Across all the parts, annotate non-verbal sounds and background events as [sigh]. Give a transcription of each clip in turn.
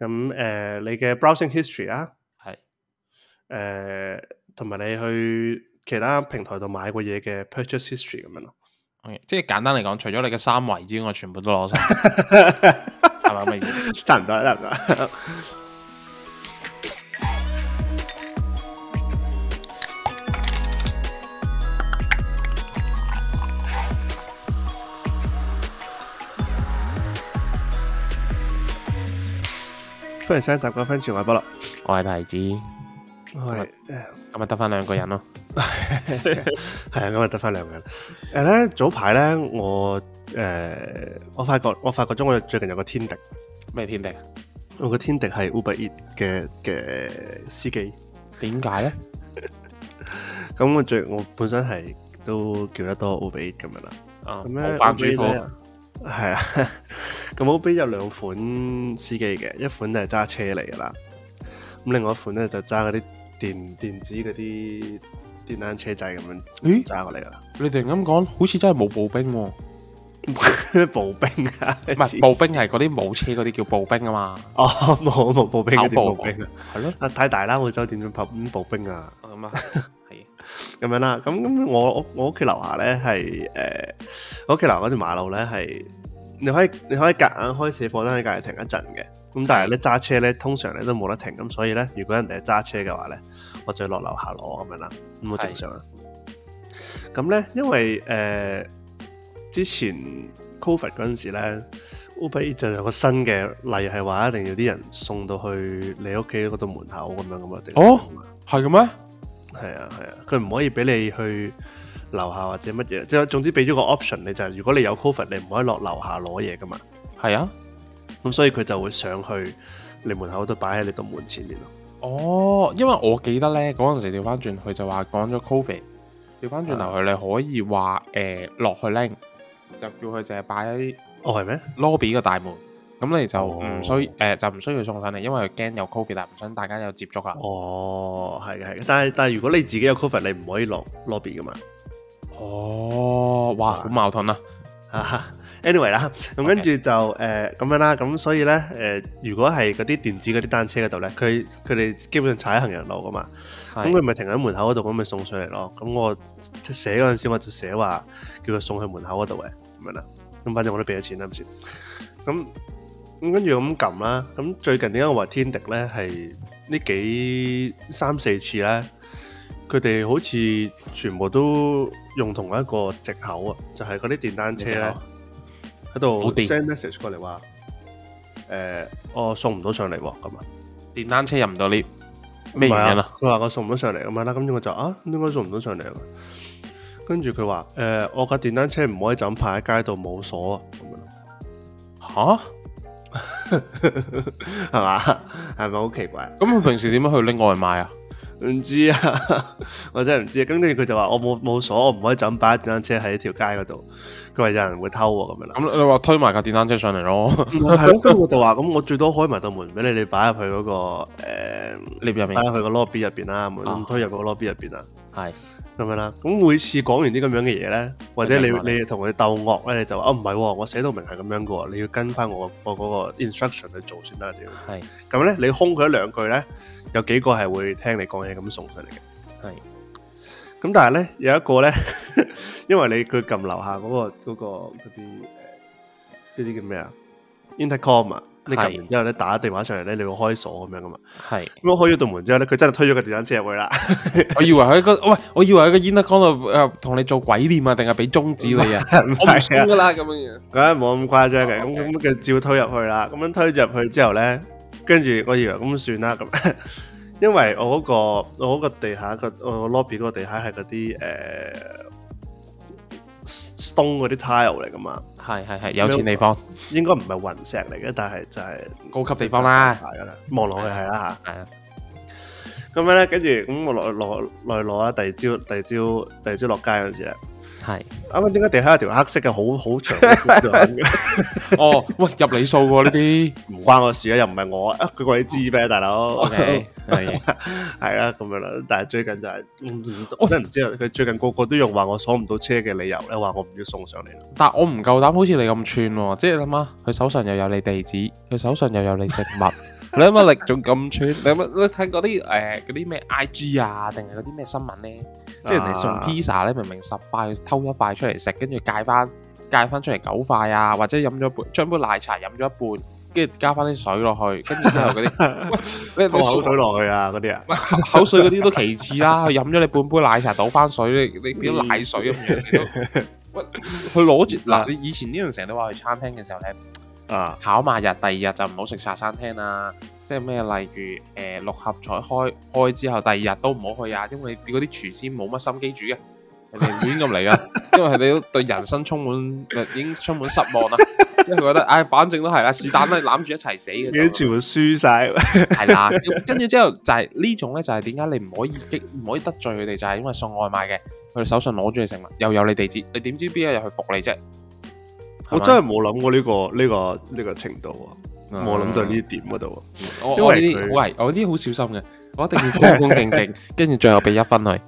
咁誒、嗯呃，你嘅 browsing history 啊，係是，誒同埋你去其他平台度買過嘢嘅 purchase history 咁樣咯、啊，okay，即係簡單嚟講，除咗你嘅三圍之外，全部都攞晒。係咪咁嘅意思？差唔多，差唔多。 [laughs] 不如想集嗰番轉話不落，我係提子，今我係是，咁啊得翻兩個人咯，係 [laughs] 啊，咁啊得翻兩個人。誒、呃、咧，早排咧，我誒、呃、我發覺我發覺咗我最近有個天敵，咩天敵？我個天敵係 Uber Eats 嘅嘅司機，點解咧？咁 [laughs] 我最我本身係都叫得多 Uber Eats 咁樣啦，係啊，咁後邊有兩款司機嘅，一款就係揸車嚟噶啦，咁另外一款咧就揸嗰啲電電子嗰啲電單車仔咁樣揸過嚟噶。咦，你突然咁講，好似真係冇步兵喎，啊，步兵啊，唔係步兵係嗰啲冇車嗰啲叫步兵啊嘛。哦，冇冇步兵，搞步兵啊，係咯，太大啦，我酒店拍泊步兵啊。咁啊。咁樣啦，咁咁我我屋企樓下咧係誒，我屋企樓嗰條馬路咧係，你可以你可以夾硬開卸貨單，你隔硬停一陣嘅。咁但係咧揸車咧，通常咧都冇得停，咁所以咧，如果人哋係揸車嘅話咧，我就要落樓下攞咁樣啦，咁好正常啊。咁咧的，因為誒、呃、之前 Covid 嗰陣時咧，Uber 就、e、有個新嘅例係話一定要啲人送到去你屋企嗰度門口咁樣咁樣，哦，係咁咩？係啊，係啊，佢唔可以俾你去樓下或者乜嘢，即係總之俾咗個 option，你就係如果你有 Covid，你唔可以落樓下攞嘢噶嘛。係啊，咁所以佢就會上去你門口度擺喺你度門前面咯。哦，因為我記得呢，嗰陣時掉翻轉佢就話講咗 Covid，掉翻轉頭去，啊，你可以話誒落去拎，就叫佢淨係擺喺哦係咩 lobby 嘅大門。咁你就唔需誒、哦呃，就唔需要送上嚟，因為佢驚有 covid 啊，唔想大家有接觸啊。哦，係嘅，係嘅。但係但係，如果你自己有 covid，你唔可以落 lo lobby 噶嘛。哦，哇，好係嘅矛盾啊。anyway 啦，咁跟住就誒咁、呃、樣啦。咁所以咧，誒、呃，如果係嗰啲電子嗰啲單車嗰度咧，佢佢哋基本上踩喺行人路噶嘛。咁佢咪停喺門口嗰度，咁咪送上嚟咯。咁我寫嗰陣時，我就寫話叫佢送去門口嗰度嘅，咁樣啦。咁反正我都俾咗錢啦，唔算。咁。咁跟住咁撳啦。咁最近點解我話天敵咧係呢幾三四次咧？佢哋好似全部都用同一個藉口啊，就係嗰啲電單車咧喺度 send message 過嚟話：誒、呃，我送唔到上嚟喎。咁啊，電單車入唔到 lift 咩、啊、原因佢、啊、話我送唔到上嚟啊嘛。啦，咁我就啊，應該送唔到上嚟跟住佢話：誒、呃，我架電單車唔可以就咁排喺街度，冇鎖啊。嚇！係嘛？係咪好奇怪？咁佢平時點樣去拎外賣啊？唔 [laughs] 知道啊，我真係唔知道啊。跟住佢就話我冇冇鎖，我唔可以就咁擺電單車喺條街嗰度。佢話有人會偷喎咁樣啦。咁你話推埋架電單車上嚟咯，係咯？ [laughs] 咁我就話咁，我最多開埋道門俾你，你擺入去嗰嗰個誒呢入邊，擺、呃、入面去個 lobby 入邊啦，門推入個 lobby 入邊啦，係、啊。咁樣啦，咁每次講完啲咁樣嘅嘢咧，或者你你同佢鬥惡咧，你就話哦唔係，我寫到明係咁樣噶，你要跟翻我我嗰個 instruction 去做先得，屌。係。咁咧，你凶佢一兩句咧，有幾個係會聽你講嘢咁送佢嚟嘅。係。咁但係咧，有一個咧，因為你佢撳樓下嗰個嗰個嗰啲，呢啲叫咩啊？intercom 啊？你撳完之後咧，打電話上嚟咧，你會開鎖咁樣噶嘛？係咁是我開咗道門之後咧，佢真係推咗個電單車入去啦。我以為喺、那個 [laughs] 喂，我以為喺個煙燈缸度，誒，同你做鬼念啊，定係俾中指你啊？唔係啊，咁樣嘅啦，咁、oh, okay. 樣嘅。梗係冇咁誇張嘅。咁咁佢照推入去啦。咁樣推入去之後咧，跟住我以為咁算啦。咁，因為我嗰、那個我個地下個我 lobby 嗰個地下係嗰啲誒，stone 嗰啲 tile 嚟噶嘛。係係係有錢地方，應該唔係雲石嚟嘅，但係就係高級地方啦。望落去係啦吓，係啊。咁樣呢？跟住咁我落去攞，來攞啦。第二朝，第二朝，第二朝落街嗰時係啱啱點解地下有條黑色嘅好好長嘅？哦，喂，入你數喎呢啲，唔關我事啊，又唔係我，佢話你知咩，大佬，係係啊，咁樣啦。但係最近就係，我真係唔知啊。佢最近個個都用話我鎖唔到車嘅理由咧，話我唔要送上嚟啦。但係我唔夠膽好似你咁串，即係諗下，佢手上又有你地址，佢手上又有你食物，你諗下力仲咁串？你乜你睇過啲誒嗰啲咩 IG 啊，定係嗰啲咩新聞咧？即係人哋送披薩咧，明明十塊偷一塊出嚟食，跟住戒翻戒翻出嚟九塊啊，或者飲咗杯將杯奶茶飲咗一半，跟住加翻啲水落去，跟住之後嗰啲咩口水落去啊，嗰啲啊口水嗰啲都其次啦、佢，飲咗 [laughs] 你半杯奶茶倒翻水，你你變奶水咁樣。喂，佢攞住，嗱，你 [laughs] 以前呢樣成日都話去餐廳嘅時候咧。啊！Uh, 考埋日，第二日就唔好食茶餐廳啦。即係咩？例如誒，六合彩開開之後，第二日都唔好去啊，因為你嗰啲廚師冇乜心機煮嘅，佢哋亂咁嚟噶。 [laughs] 因為佢哋都對人生充滿，已經充滿失望啦。即係佢覺得，唉、哎，反正都係啦，的 [laughs] 是但都係攬住一齊死嘅，已經全部輸晒。係啦，跟住之後就係、是、呢種咧，就係點解你唔可以激，唔可以得罪佢哋？就係、是、因為送外賣嘅，佢哋手上攞住食物，又有你地址，你點知邊一日去服你啫？我真係冇諗過呢、這個呢、這個呢、這個程度啊！冇諗到呢點嗰度啊！我因為我啲喂，我啲好小心嘅，我一定要恭恭敬敬，跟住 [laughs] 最後俾一分佢。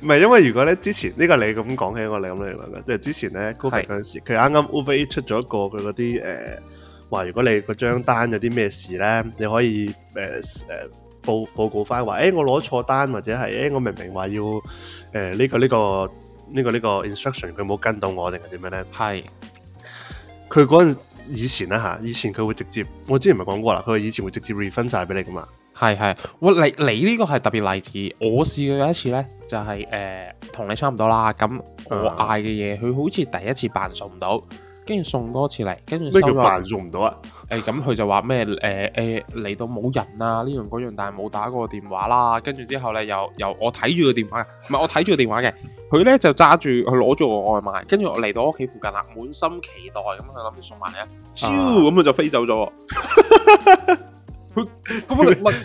唔係 [laughs] 因為如果咧，之前呢、這個你咁講起我，你樣起我你咁你兩個，即係之前咧，Covid 嗰陣時，佢啱啱 Uber 出咗一個佢嗰啲誒，話如果你個張單有啲咩事咧，你可以誒誒、呃、報報告翻話，誒、欸、我攞錯單或者係誒、欸、我明明話要誒呢個呢個。這個這個這個、ruction，呢是個呢個 instruction 佢冇跟到我定係點樣咧？係，佢嗰陣以前啦吓，以前佢會直接，我之前咪講過啦，佢以前會直接 refine 曬俾你㗎嘛。係係，我你你呢個係特別例子，我試過有一次咧、就是，就係誒同你差唔多啦。咁我嗌嘅嘢，佢、嗯、好似第一次辦受唔到。跟住送多次嚟，跟住收入。咩叫辦送唔到啊？誒、欸，咁佢就話咩？誒、呃、誒，嚟、呃、到冇人啊！呢樣嗰樣，但係冇打過電話啦。跟住之後咧，又由我睇住個電話，唔係我睇住個電話嘅。佢咧就揸住佢攞咗個外賣，跟住我嚟到屋企附近啦，滿心期待咁，佢諗住送埋嚟啊，啾咁佢就飛走咗。佢 [laughs] [laughs] 你，佢乜乜？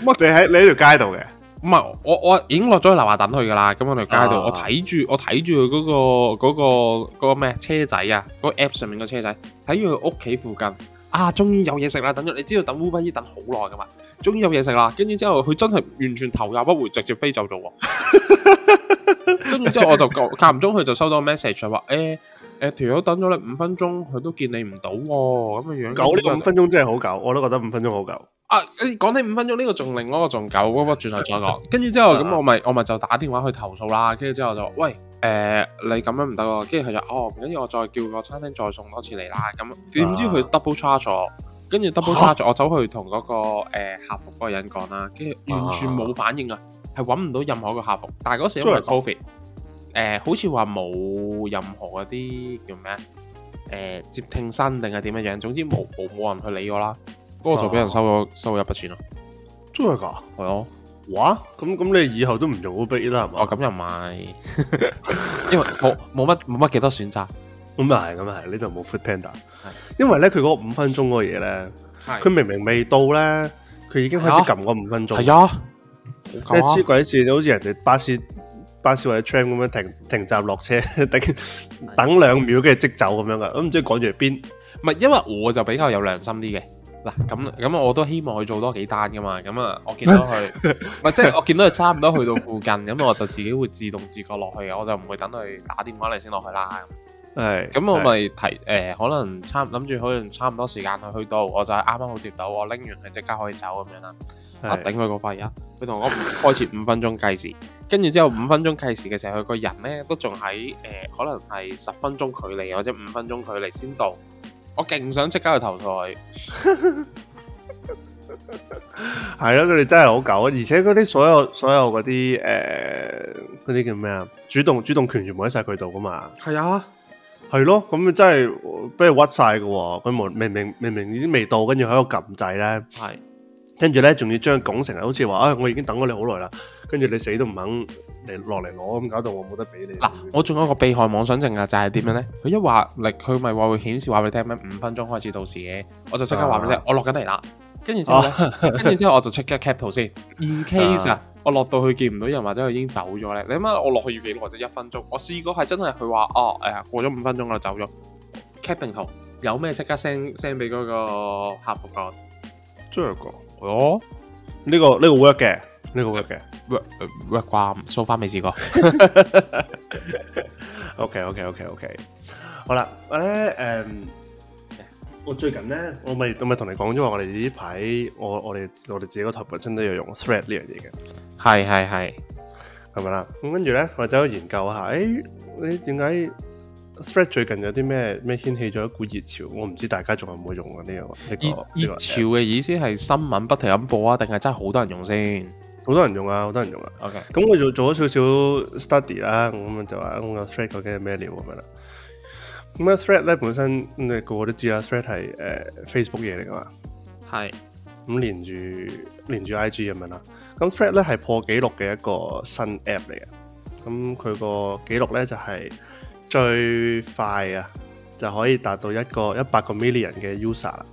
你喺你喺條街度嘅？唔係，我我已經落咗去樓下等佢噶啦。咁、啊、我喺街度，我睇住我睇住佢嗰個嗰、嗰個、嗰個咩車仔啊，嗰個 app 上面個車仔睇住佢屋企附近。啊，終於有嘢食啦！等咗，你知道等 Uber Eats 要等好耐噶嘛？終於有嘢食啦！跟住之後，佢真係完全頭也不回，直接飛走咗。跟住之後，我就講，間唔中佢就收到個 message 係話，誒、欸、誒，條、呃、友等咗你五分鐘，佢都見你唔到、哦，咁嘅樣。九呢五分鐘真係好久，我都覺得五分鐘好久。啊！你講你五分鐘呢、這個仲另外一個仲久嗰個轉頭再講。跟、那、住之後咁我咪我咪就打電話去投訴啦。跟住之後就喂、呃、你咁樣唔得喎，跟住佢就哦唔緊要，我再叫個餐廳再送多次嚟啦。咁點知佢 double charge 咗，跟住 double charge 我，double charge 我，蛤我走去同嗰、那個、呃、客服嗰個人講啦，跟住完全冇反應啊，係揾唔到任何一個客服。但係嗰時因為 covid 誒、呃、好似話冇任何嗰啲叫咩、呃、接聽新定係點樣樣，總之冇冇冇人去理我啦。.嗰個就俾人收咗收咗一筆錢咯，真係噶？係啊？哇！咁咁你以後都唔用嗰筆啦係嘛？哦咁又唔係，因為冇乜冇乜幾多選擇，咁啊係咁啊係，呢度冇 footpanda，因為咧佢嗰五分鐘嗰個嘢咧，佢的明明未到咧，佢已經開始撳五分鐘，係的啊？即係黐鬼線，好似人哋巴士巴士或者 tram 咁樣停停站落車，等等兩秒跟住即走咁樣噶，都唔知趕住邊。唔係因為我就比較有良心啲嘅。嗱咁咁我都希望佢做多幾單噶嘛。咁啊，我見到佢，唔係即係我見到佢差唔多去到附近，咁我就自己會自動自覺落去啊。我就唔會等佢打電話嚟先落去啦。係是，咁我咪提誒的、呃，可能差諗住可能差唔多時間去去到，我就係啱啱好接到，我拎完佢即刻可以走咁樣啦。啊的，頂佢個肺啊！佢同我開始五分鐘計時，跟住之後五分鐘計時嘅時候，佢個人咧都仲喺誒，可能係十分鐘距離或者五分鐘距離先到。我勁想即刻去投胎，係咯，佢哋真係好狗，而且嗰啲所有所有嗰啲誒，嗰啲叫咩啊？主動主動權全部喺晒佢度噶嘛。係啊，係咯，咁咪真係俾佢屈晒噶，佢明明明明明已經未到，跟住喺度撳掣咧，係，跟住咧仲要將佢拱成係好似話誒，我已經等咗你好耐啦，跟住你死都唔肯。嚟落嚟攞咁搞到我冇得俾你。嗱、啊，我仲有一個被害妄想症啊，就係、是、點樣咧？佢、嗯、一話嚟，佢咪話會顯示話俾你聽咩？五分鐘開始到時嘅，我就即刻話俾你聽，啊、我落緊嚟啦。跟住之後咧，跟住、啊、之後我就即刻 cap 圖先，in case 啊，我落到去見唔到人或者佢已經走咗咧。你諗下，我落去要幾耐或者一分鐘？我試過係真係佢話哦，誒，過咗五分鐘我就走咗。cap 圖有咩即刻 send send 俾嗰個客服個？即係個？哦，呢個呢個 work 嘅。呢個 work 嘅 work，work 啩，so far 未試過。OK OK OK OK，好啦，我咧，誒，我最近咧，我咪我咪同你講咗話，我哋呢排我我哋我哋自己個台本身都有用 thread 呢樣嘢嘅。係係係，係咪啦？咁跟住咧，我走去研究下，誒，你點解 thread 最近有啲咩咩掀起咗一股熱潮？我唔知大家仲有冇用呢樣嘢。熱熱潮嘅意思係新聞不停咁播啊，定係真係好多人用先？好多人用啊，好多人用啊。OK，咁佢做做咗少少 study 啦，咁就話我個 thread 究竟係咩料咁樣啦。咁啊，thread 咧本身你個個都知啦，thread 係誒、呃、Facebook 嘢嚟噶嘛。係是。咁連住連住 IG 咁樣啦。咁 thread 咧係破紀錄嘅一個新 app 嚟嘅。咁佢個紀錄咧就係最快啊，就可以達到一個一百個 million 嘅 user 啦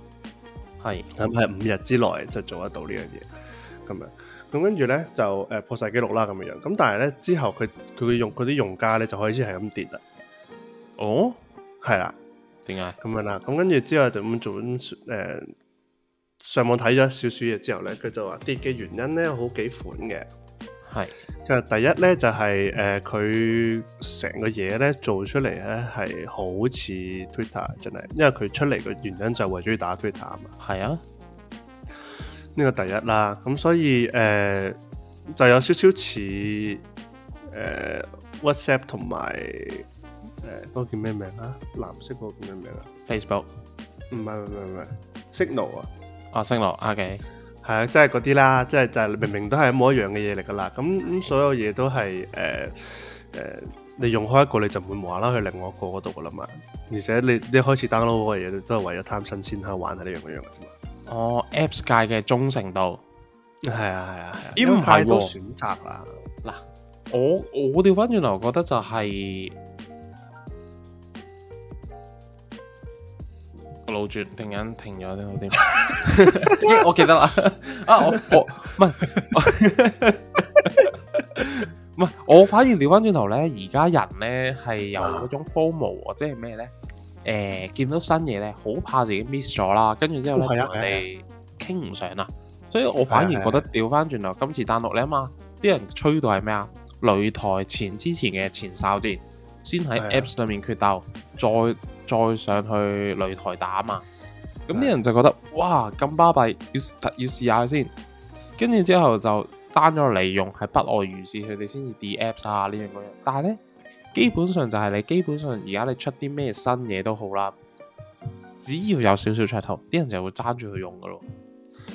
是。係。咁係五日之內就做得到呢樣嘢，咁樣。咁跟住咧就誒破晒記錄啦咁樣樣，咁但係咧之後佢佢用佢啲用家咧就可以先係咁跌啦。哦，係啦了，點解？咁樣啦，咁跟住之後就咁做緊誒上網睇咗少少嘢之後咧，佢就話跌嘅原因咧好幾款嘅，係是。其實第一咧就係誒佢成個嘢咧做出嚟咧係好似 Twitter 真係，因為佢出嚟嘅原因就係為咗打 Twitter 啊嘛。係啊。呢個第一啦，咁所以誒、呃、就有少少似誒 WhatsApp 同埋誒嗰個叫咩名啊？藍色嗰個叫咩名啊？Facebook 唔係唔係唔唔係 Signal 啊！啊 Signal，OK，係啊，即係嗰啲啦，即係就係、就係就係、明明都係一模一樣嘅嘢嚟噶啦，咁咁、嗯、所有嘢都係誒誒，你用開一個你就唔會話啦去另外一個嗰度噶啦嘛，而且你你開始 download 嗰個嘢都係為咗貪新鮮，喺玩下呢樣嗰樣嘅啫嘛。哦，Apps 界嘅忠誠度係啊係啊係啊，啊啊因為太多、啊、選擇啦。嗱，我我調翻轉頭，我覺得就係、是、老轉突然停咗啲，我記得啦。啊，我我唔係唔係， [laughs] [laughs] 我反而調翻轉頭咧，而家人咧係有嗰種 FOMO， [laughs] 或者係咩咧？誒見、欸、到新嘢咧，好怕自己 miss 咗啦，跟住之後咧同人哋傾唔上啊，所以我反而覺得調翻轉頭，今、啊啊、次單落嚟咧嘛，啲人吹到係咩啊？擂台前之前嘅前哨戰，先喺 Apps 裏面決鬥，啊、再再上去擂台打嘛。咁啲、啊、人就覺得、啊、哇咁巴閉，要要試下先，跟住之後就單咗嚟用，係不外如是，佢哋先至 delete Apps 啊呢樣嗰樣，但係咧。.基本上就係你，基本上而家你出啲咩新嘢都好啦，只要有少少噱頭，啲人就會揸住佢用噶咯，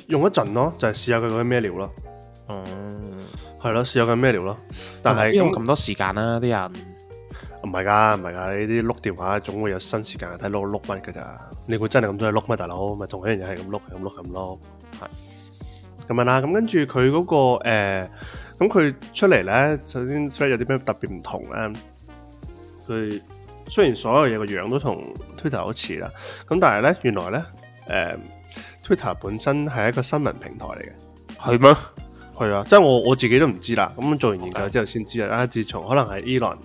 用一陣咯，就係試下佢嗰啲咩料咯。嗯了，係咯，試下佢咩料咯。但係用咁多時間啦、啊，啲人唔係噶唔係噶，呢啲碌電話總會有新時間睇碌碌乜噶咋？你會真係咁多嘢碌咩？大佬咪同一人樣嘢係咁碌，係咁碌，咁、就、碌、是，係咁是樣啦。咁跟住佢嗰個誒，咁、呃、佢出嚟咧，首先 Thread 有啲咩特別唔同咧？所以雖然所有嘢個樣都同 Twitter 好似啦，咁但係咧，原來咧，誒、嗯、Twitter 本身係一個新聞平台嚟嘅，係咩嗎？係啊，即係我我自己都唔知啦。咁做完研究之後先知啦。Okay. 啊，自從可能係 Elon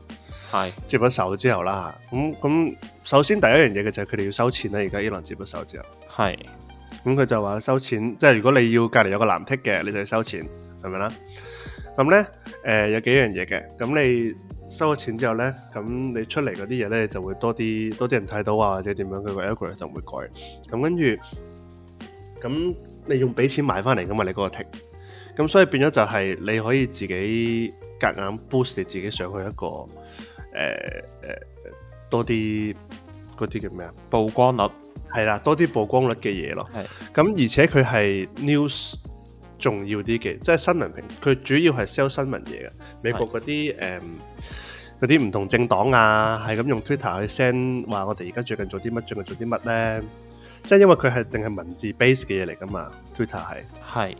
係接咗手之後啦，咁咁是首先第一樣嘢嘅就係佢哋要收錢啦。而家 Elon 接咗手之後，係咁佢就話收錢，即、就、係、是、如果你要隔籬有個藍剔嘅，你就要收錢，係咪啦？咁咧，誒、呃、有幾樣嘢嘅，咁你。收咗錢之後咧，咁你出嚟嗰啲嘢咧就會多啲多啲人睇到啊，或者點樣佢、嗰個 algorithm 就會改。咁跟住，咁你用俾錢買翻嚟噶嘛，你嗰個 tick。咁所以變咗就係你可以自己夾硬 boost 你自己上去一個誒誒、呃呃、多啲嗰啲叫咩啊，曝光率係啦，多啲曝光率嘅嘢咯。係的。咁而且佢係 news。重要啲嘅，即係新聞平，佢主要係 sell 新聞嘢嘅。美國嗰啲誒嗰啲唔同政黨啊，係咁用 Twitter 去 send 話我哋而家最近做啲乜，最近做啲乜咧？即係因為佢係淨係文字 base 嘅嘢嚟噶嘛，Twitter 係係。是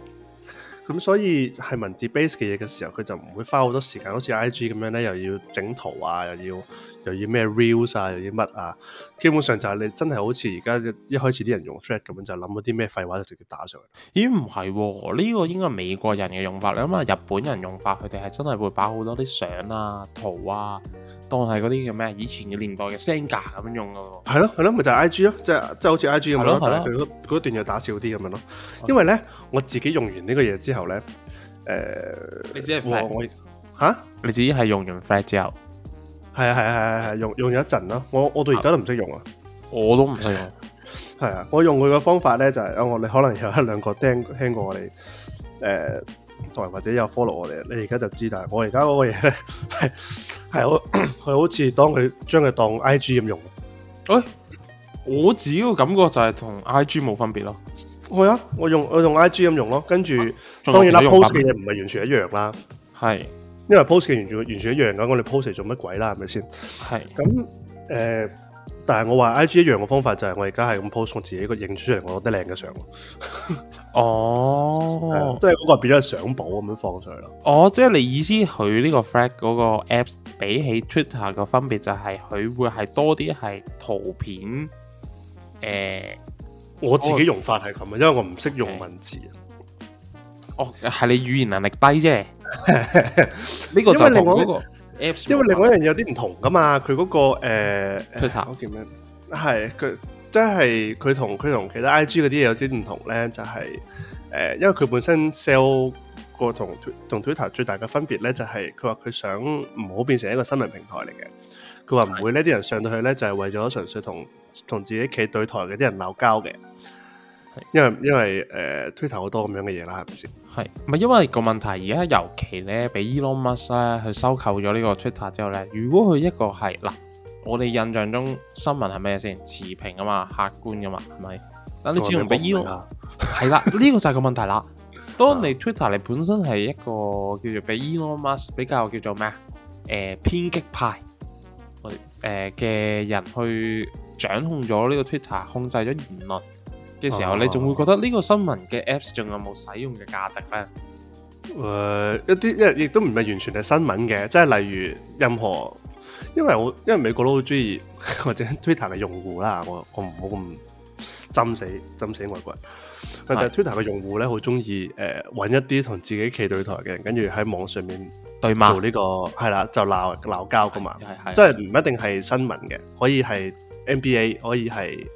咁所以係文字 base 嘅嘢嘅時候，佢就唔會花好多時間，好似 I G 咁樣咧，又要整圖啊，又要又要咩 reels 啊，又要乜啊。基本上就係你真係好似而家一開始啲人用 thread 咁樣，就諗到啲咩廢話就直接打上去。咦？唔係喎，呢個應該係美國人嘅用法，你諗下，日本人用法，佢哋係真係會擺好多啲相啊、圖啊。當係嗰啲叫咩？以前嘅年代嘅 send 架咁樣用咯、那個，係咯係咯，咪就係、是、IG 咯、就是，即係即係好似 IG 咁咯。嗰嗰了了段要打少啲咁樣咯。因為咧，我自己用完呢個嘢之後咧，誒、呃，你只係我吓？我我啊、你自己係用完 f l a 之後，係啊係啊係係係，用用咗一陣咯。我我到而家都唔識用啊，我都唔識用。係 [laughs] 啊，我用佢嘅方法咧就係、是、啊，我哋可能有一兩個聽聽過我哋誒。呃同埋或者有 follow 我哋，你而家就知。但係我而家嗰個嘢咧，係係我佢好似當佢將佢當 IG 咁用，欸。我我主要感覺就係同 IG 冇分別咯。係啊，我用我用 IG 咁用咯。跟住當然啦，post 嘅嘢唔係完全一樣啦。係是，因為 post 嘅完全完全一樣噶，我哋 post 嚟做乜鬼啦？係咪先？係咁誒。但係我話 I G 一樣嘅方法就係我而家係咁 post 我自己一個影出嚟我覺得靚嘅相哦，即係嗰個變咗相簿咁樣放上去咯。哦，oh，即係你意思佢呢個 Thread 嗰個 apps 比起 Twitter 嘅分別就係佢會係多啲係圖片。誒、呃，我自己用法係咁啊，oh。因為我唔識用文字。哦，係你語言能力低啫。呢 [laughs] 個就同個。那個 Apps 因為另外一樣有啲唔同噶嘛，佢嗰、嗰個推特叫咩？係、呃、佢 Twitter? 即係佢同佢同其他 I G 嗰啲嘢有啲唔同咧，就係、是、誒、呃，因為佢本身 sell 個同同 Twitter 最大嘅分別咧，就係佢話佢想唔好變成一個新聞平台嚟嘅，佢話唔會呢啲是的 人上到去咧，就係、是、為咗純粹同同自己企對台嘅啲人鬧交嘅。因為因為誒，Twitter 好多咁樣嘅嘢啦，係咪先？係，唔係因為個問題，而家尤其咧，俾 Elon Musk 咧去收購咗呢個 Twitter 之後咧，如果佢一個係嗱，我哋印象中新聞係咩先？持平啊嘛，客觀噶嘛，係咪？但你知唔知俾 Elon？係啦，呢、 [laughs] 這個就係個問題啦。當你 Twitter 你本身係一個叫做俾 Elon Musk 比較叫做咩啊？誒、呃，偏激派去誒嘅人去掌控咗呢個 Twitter，控制咗言論。嘅時候，你仲會覺得呢個新聞嘅 apps 仲有冇使用嘅價值咧？誒、啊呃，一啲亦亦都唔係完全係新聞嘅，即係例如任何，因為我因為美國都好中意或者 Twitter 嘅用戶啦，我我唔好咁針死針死外國，是但係 Twitter 嘅用戶咧好中意誒，揾、呃、一啲同自己企對台嘅人，跟住喺網上面、這個、對罵嗎，呢個係啦，就鬧鬧交噶嘛，即係唔一定係新聞嘅，可以係 NBA，可以係。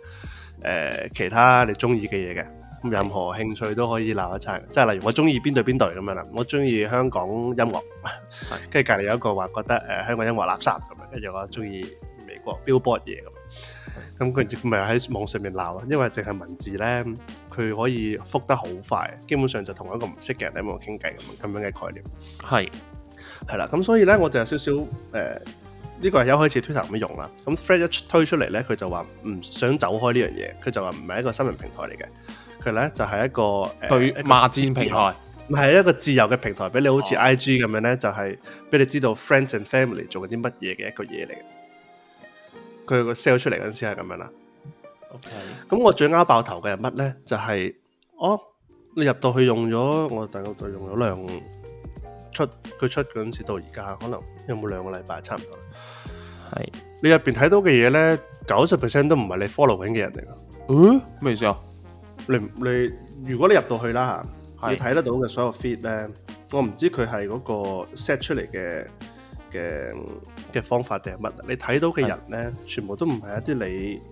誒，其他你中意嘅嘢嘅，任何興趣都可以鬧一餐。即係例如我中意邊隊邊隊咁樣啦，我中意香港音樂，跟住隔離有一個話覺得誒、呃、香港音樂垃圾咁樣，跟住我中意美國 Billboard 嘢咁。咁佢唔係喺網上面鬧，因為淨係文字咧，佢可以覆得好快，基本上就同一個唔識嘅人喺度傾偈咁樣嘅概念。係係啦，咁所以咧，我就有少少誒。呃呢個係一開始 Twitter 冇用啦，咁 Thread 一推出嚟呢，佢就話唔想走開呢樣嘢，佢就話唔係一個新聞平台嚟嘅，佢呢就係、是、一個誒、呃、罵，罵戰平台，唔係一個自由嘅平台，俾你好似 IG 咁樣呢，哦、就係俾你知道 friends and family 做緊啲乜嘢嘅一個嘢嚟嘅。佢個 sell 出嚟嗰陣時係咁樣啦，OK。咁我最啱爆頭嘅係乜呢？就係、是、哦，你入到去用咗，我大概用咗兩出，佢出嗰陣時到而家可能。有冇兩個禮拜差唔多？係是你入邊睇到嘅嘢咧，九十 percent 都唔係你 following 嘅人嚟噶。嗯，咩意思啊？啊你你如果你入是到去啦吓，你睇得到嘅所有 feed 咧，我唔知佢係嗰個 set 出嚟嘅嘅嘅方法定係乜？你睇到嘅人咧，全部都唔係一啲你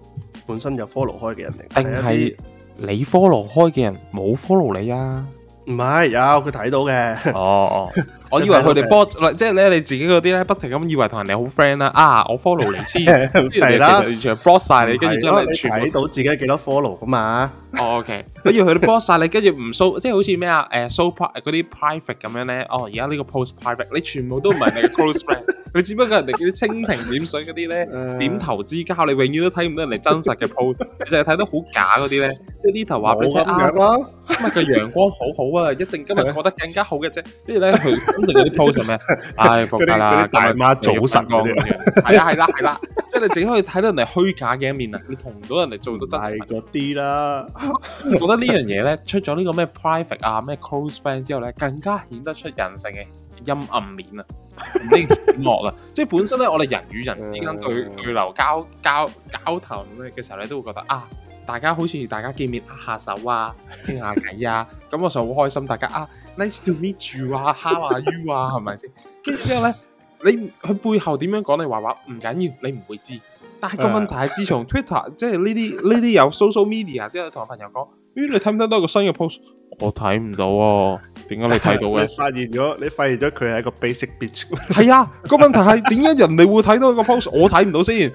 本身有 follow 開嘅人嚟，定係你 follow 開嘅人冇 follow 你啊？唔係，有佢睇到嘅。哦，哦。 [laughs] 我以為佢哋 block 即係咧你自己嗰啲咧，不停咁以為同人哋好 friend 啦。啊，我 follow 你先，啲人其實完全 block 晒你，跟住之後將你全部睇到自己幾多 follow 噶嘛。OK，以住佢哋 block 晒你，跟住唔 show，即係好似咩啊？誒 show part 嗰啲 private 咁樣咧。哦，而家呢個 post private，你全部都唔係你 close friend，佢只不過人哋叫蜻蜓點水嗰啲咧，點頭之交，你永遠都睇唔到人哋真實嘅 post，你就係睇得好假嗰啲咧。即係呢頭話俾佢啱啦，因為個陽光好好啊，一定今日過得更加好嘅啫。跟住咧佢。咁就嗰啲 post 咩？唉， [laughs] 仆街啦！ [noise] 大媽早晨 [noise] 光咁樣，係啊，係啦，係啦，即係 [laughs] 你淨可以睇到人哋虛假嘅一面啊！你同唔到人哋做到真係啲啦。我 [laughs] 覺得呢樣嘢咧，出咗呢個咩 private 啊，咩 close friend 之後咧，更加顯得出人性嘅陰暗面啊，呢、嗯、 [laughs] 個惡啊！即係本身咧，我哋人與人之間對對、嗯、流交交交談咧嘅時候咧，都會覺得啊。大家好似大家見面握下手啊，傾下偈啊，咁我就好開心。大家啊 [laughs] ，nice to meet you 啊，how are you 啊，係咪先？跟住之後呢，你佢背後點樣講你話話唔緊要，你唔會知。但係個問題係，自從 Twitter [laughs] 即係呢啲呢啲有 social media 即係同我朋友講。咦，你睇唔睇到一個新嘅 post？我睇唔到啊，點解你睇到嘅？ [laughs] 你發現咗，你發現咗佢係一個 basic bitch。係 [laughs] 啊，個問題係點解人哋會睇到個 post？ [laughs] 我睇唔到先， [laughs]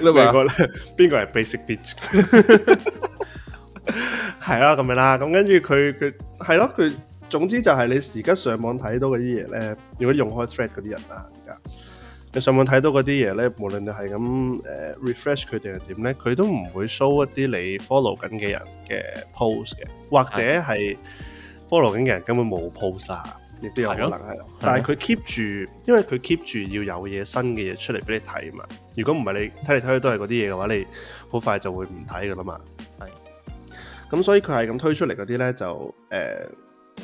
你話邊個係 basic bitch？係 [laughs] [laughs] [laughs] 啊，咁樣啦，咁跟住佢佢係咯，佢、啊、總之就係你而家上網睇到嗰啲嘢咧，如果用開 thread 嗰啲人啊。你上網睇到嗰啲嘢咧，無論你係咁誒 refresh 佢定係點咧，佢都唔會 show 一啲你 follow 緊嘅人嘅 post 嘅，或者係 follow 緊嘅人根本冇 post 啊，亦都有可能係。的但係佢 keep 住，因為佢 keep 住要有嘢新嘅嘢出嚟俾你睇嘛。如果唔係你睇嚟睇去都係嗰啲嘢嘅話，你好快就會唔睇噶啦嘛。係。咁所以佢係咁推出嚟嗰啲咧，就、呃、誒。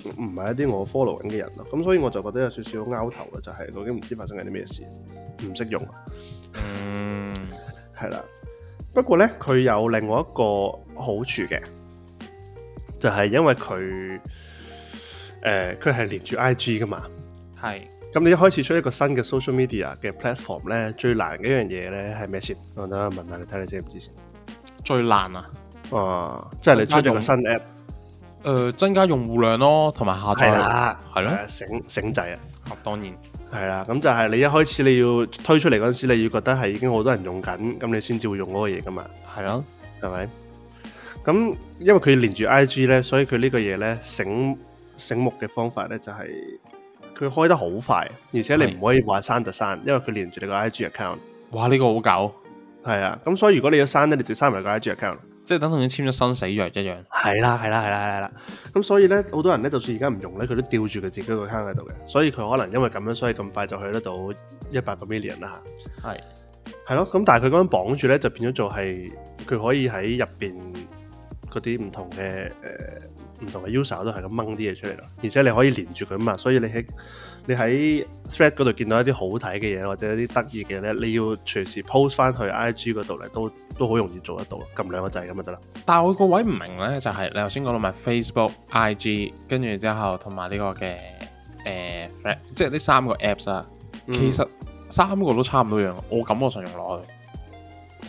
唔係一啲我 follow 緊嘅人咯，咁所以我就覺得有少少拗頭啦，就係究竟唔知發生緊啲咩事，唔識用啊，嗯，係啦，不過咧佢有另外一個好處嘅，就係因為佢誒佢係連住 IG 噶嘛，係，咁你一開始出一個新嘅 social media 嘅 platform 咧，最難嘅一樣嘢咧係咩先？我等我問下問下你睇你知唔知先，最難啊，啊，即係你出咗個新 app。誒、呃、增加用戶量咯，同埋下載啦，係咯的，醒醒仔，啊！啊當然係啦，咁就係你一開始你要推出嚟嗰陣時，你要覺得係已經好多人用緊，咁你先至會用嗰個嘢噶嘛，係咯的，係咪？咁因為佢連住 I G 咧，所以佢呢個嘢咧，醒醒目嘅方法咧，就係佢開得好快，而且你唔可以話刪就刪，的因為佢連住你個 I G account。哇！呢、呢個好搞，係啊！咁所以如果你要刪咧，你就接刪埋個 I G account。即係等同於簽咗生死約一樣，係啦係啦係啦係啦。咁所以咧，好多人咧，就算而家唔用咧，佢都吊住佢自己個 account 喺度嘅。所以佢可能因為咁樣，所以咁快就去得到一百個 million 啦吓，係係咯。咁但係佢咁樣綁住咧，就變咗做係佢可以喺入邊嗰啲唔同嘅誒唔同嘅 user 都係咁掹啲嘢出嚟咯。而且你可以連住佢啊嘛，所以你喺。你喺 thread 嗰度見到一啲好睇嘅嘢，或者一啲得意嘅咧，你要隨時 post 翻去 IG 嗰度嚟，都都好容易做得到，撳兩個掣咁就得啦。但係我個位唔明咧，就係、是、你頭先講到埋 Facebook、IG，跟住之後同埋呢個嘅誒、呃、thread，即係呢三個 apps 啊、嗯，其實三個都差唔多樣，我感覺上用落去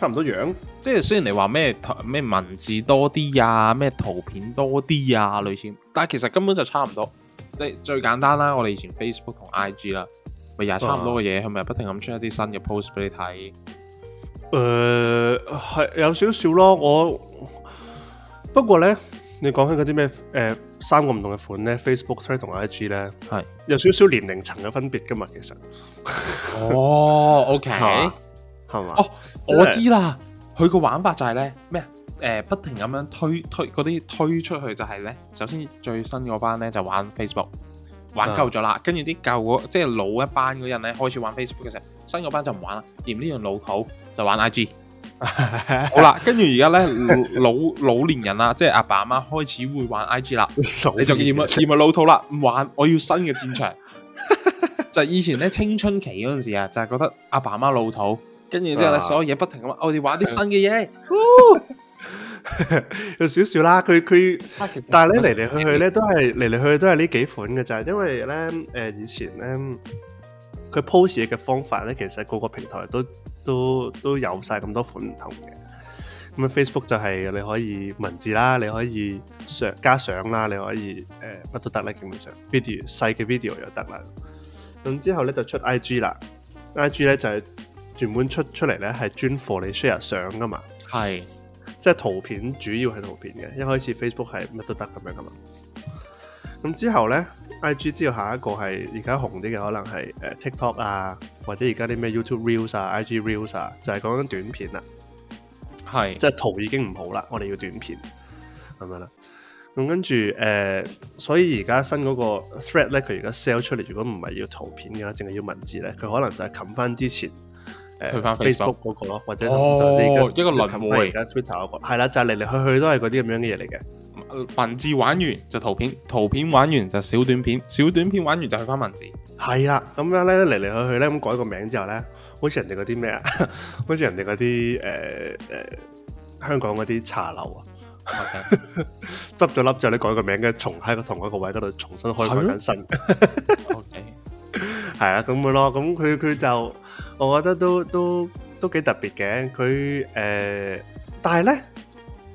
差唔多樣。即係雖然你話咩咩文字多啲啊，咩圖片多啲啊類似，但係其實根本就差唔多。即係最簡單啦，我哋以前 Facebook 同 IG 啦，咪又差唔多嘅嘢，佢咪不，不停咁出一啲新嘅 post 俾你睇。誒、呃，係有少少咯，我不過咧，你講起嗰啲咩誒三個唔同嘅款咧，Facebook Thread 同 IG 咧，係是有少少年齡層嘅分別噶嘛，其實。哦，OK，係嘛？哦，我知啦，佢個玩法就係咧咩？誒、呃，不停咁樣推推嗰啲推，推出去就係咧，首先最新嗰班咧就玩 Facebook，玩夠咗啦，跟住啲舊嗰即係老一班嗰人咧開始玩 Facebook 嘅時候，新嗰班就唔玩啦，嫌呢樣老土，就玩 IG。 [laughs] 好啦，跟住而家咧老老年人啊， [laughs] 即係阿爸阿媽開始會玩 IG 啦， [laughs] 你仲嫌啊嫌老土啦，唔玩，我要新嘅戰場。 [laughs] 就以前咧青春期嗰陣時啊，就係、是、覺得阿爸阿媽老土，跟住之後咧所有嘢，不停咁， [laughs] 我哋玩啲新嘅嘢。 [laughs] 有少少啦，佢佢，佢但係咧，嚟嚟去去咧都係嚟嚟去去都係呢幾款嘅就咋，因為咧誒、呃、以前咧，佢 post 嘢嘅方法咧，其實在各個平台都都都有晒咁多款唔同嘅。咁啊，Facebook 就係你可以文字啦，你可以上加相啦，你可以誒乜、呃、都得啦，基本上 video 細嘅 video 又得啦。咁之後咧就出 IG 啦，IG 咧就係、是、原本出出嚟咧係專 for 你 share 相噶嘛，係。即係圖片主要係圖片嘅，一開始 Facebook 係乜都得咁樣噶嘛，咁之後咧，IG 之後下一個係而家紅啲嘅，可能係誒 TikTok 啊，或者而家啲咩 YouTube Reels 啊、IG Reels 啊，就係講緊短片啦，係是，即係圖已經唔好啦，我哋要短片咁樣啦，咁跟住誒、呃，所以而家新嗰個 Thread 咧，佢而家 sell 出嚟，如果唔係要圖片嘅話，淨係要文字咧，佢可能就係冚翻之前。去翻 Facebook 嗰、嗰個咯，或者呢哦噢就一個輪回而家 Twitter 嗰個係啦，就嚟、係、嚟去去都係嗰啲咁樣嘅嘢嚟嘅。文字玩完就圖片，圖片玩完就小短片，小短片玩完就去翻文字。係啦，咁樣咧嚟嚟去去咧咁改個名之後咧，好似人哋嗰啲咩啊？好似人哋嗰啲誒誒，香港嗰啲茶樓啊，執咗笠之後咧改個名嘅，重喺個同一個位嗰度重新開翻緊新。OK，係啊，咁咪咯，咁佢佢就。我覺得都都都幾特別嘅，佢誒，但係咧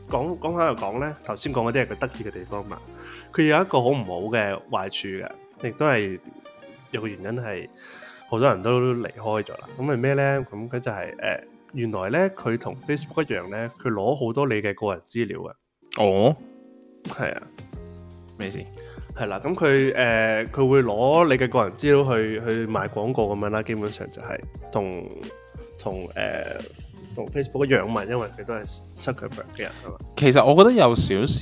講講開又講咧，頭先講嗰啲係佢得意嘅地方嘛，佢有一個好唔好嘅壞處嘅，亦都係有個原因係好多人都離開咗啦，咁係咩咧？咁佢就係誒，原來咧佢同 Facebook 一樣咧，佢攞好多你嘅個人資料啊。哦，係啊，咩事？係啦，咁佢誒佢會攞你嘅個人資料去去賣廣告咁樣啦，基本上就係、是、同同誒同、呃、Facebook 一樣嘛，因為佢都係 searchable 嘅人啊嘛。其實我覺得有少少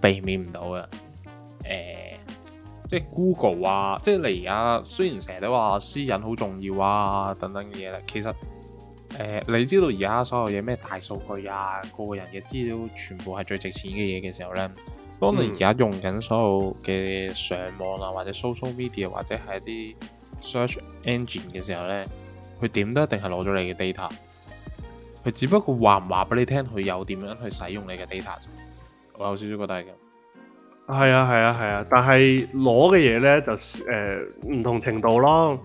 避免唔到嘅，誒、呃，即係 Google 啊，即係你而家雖然成日都話私隱好重要啊等等嘅嘢啦，其實誒、呃、你知道而家所有嘢咩大數據啊，個人嘅資料全部係最值錢嘅嘢嘅時候咧。嗯、當你而家用緊所有嘅上網啊，或者 social media，或者係一啲 search engine 嘅時候咧，佢點都一定係攞咗你嘅 data。佢只不過話唔話俾你聽，佢有點樣去使用你嘅 data。我有少少覺得係咁。係啊係啊係啊，但係攞嘅嘢咧就誒、呃、唔同程度咯。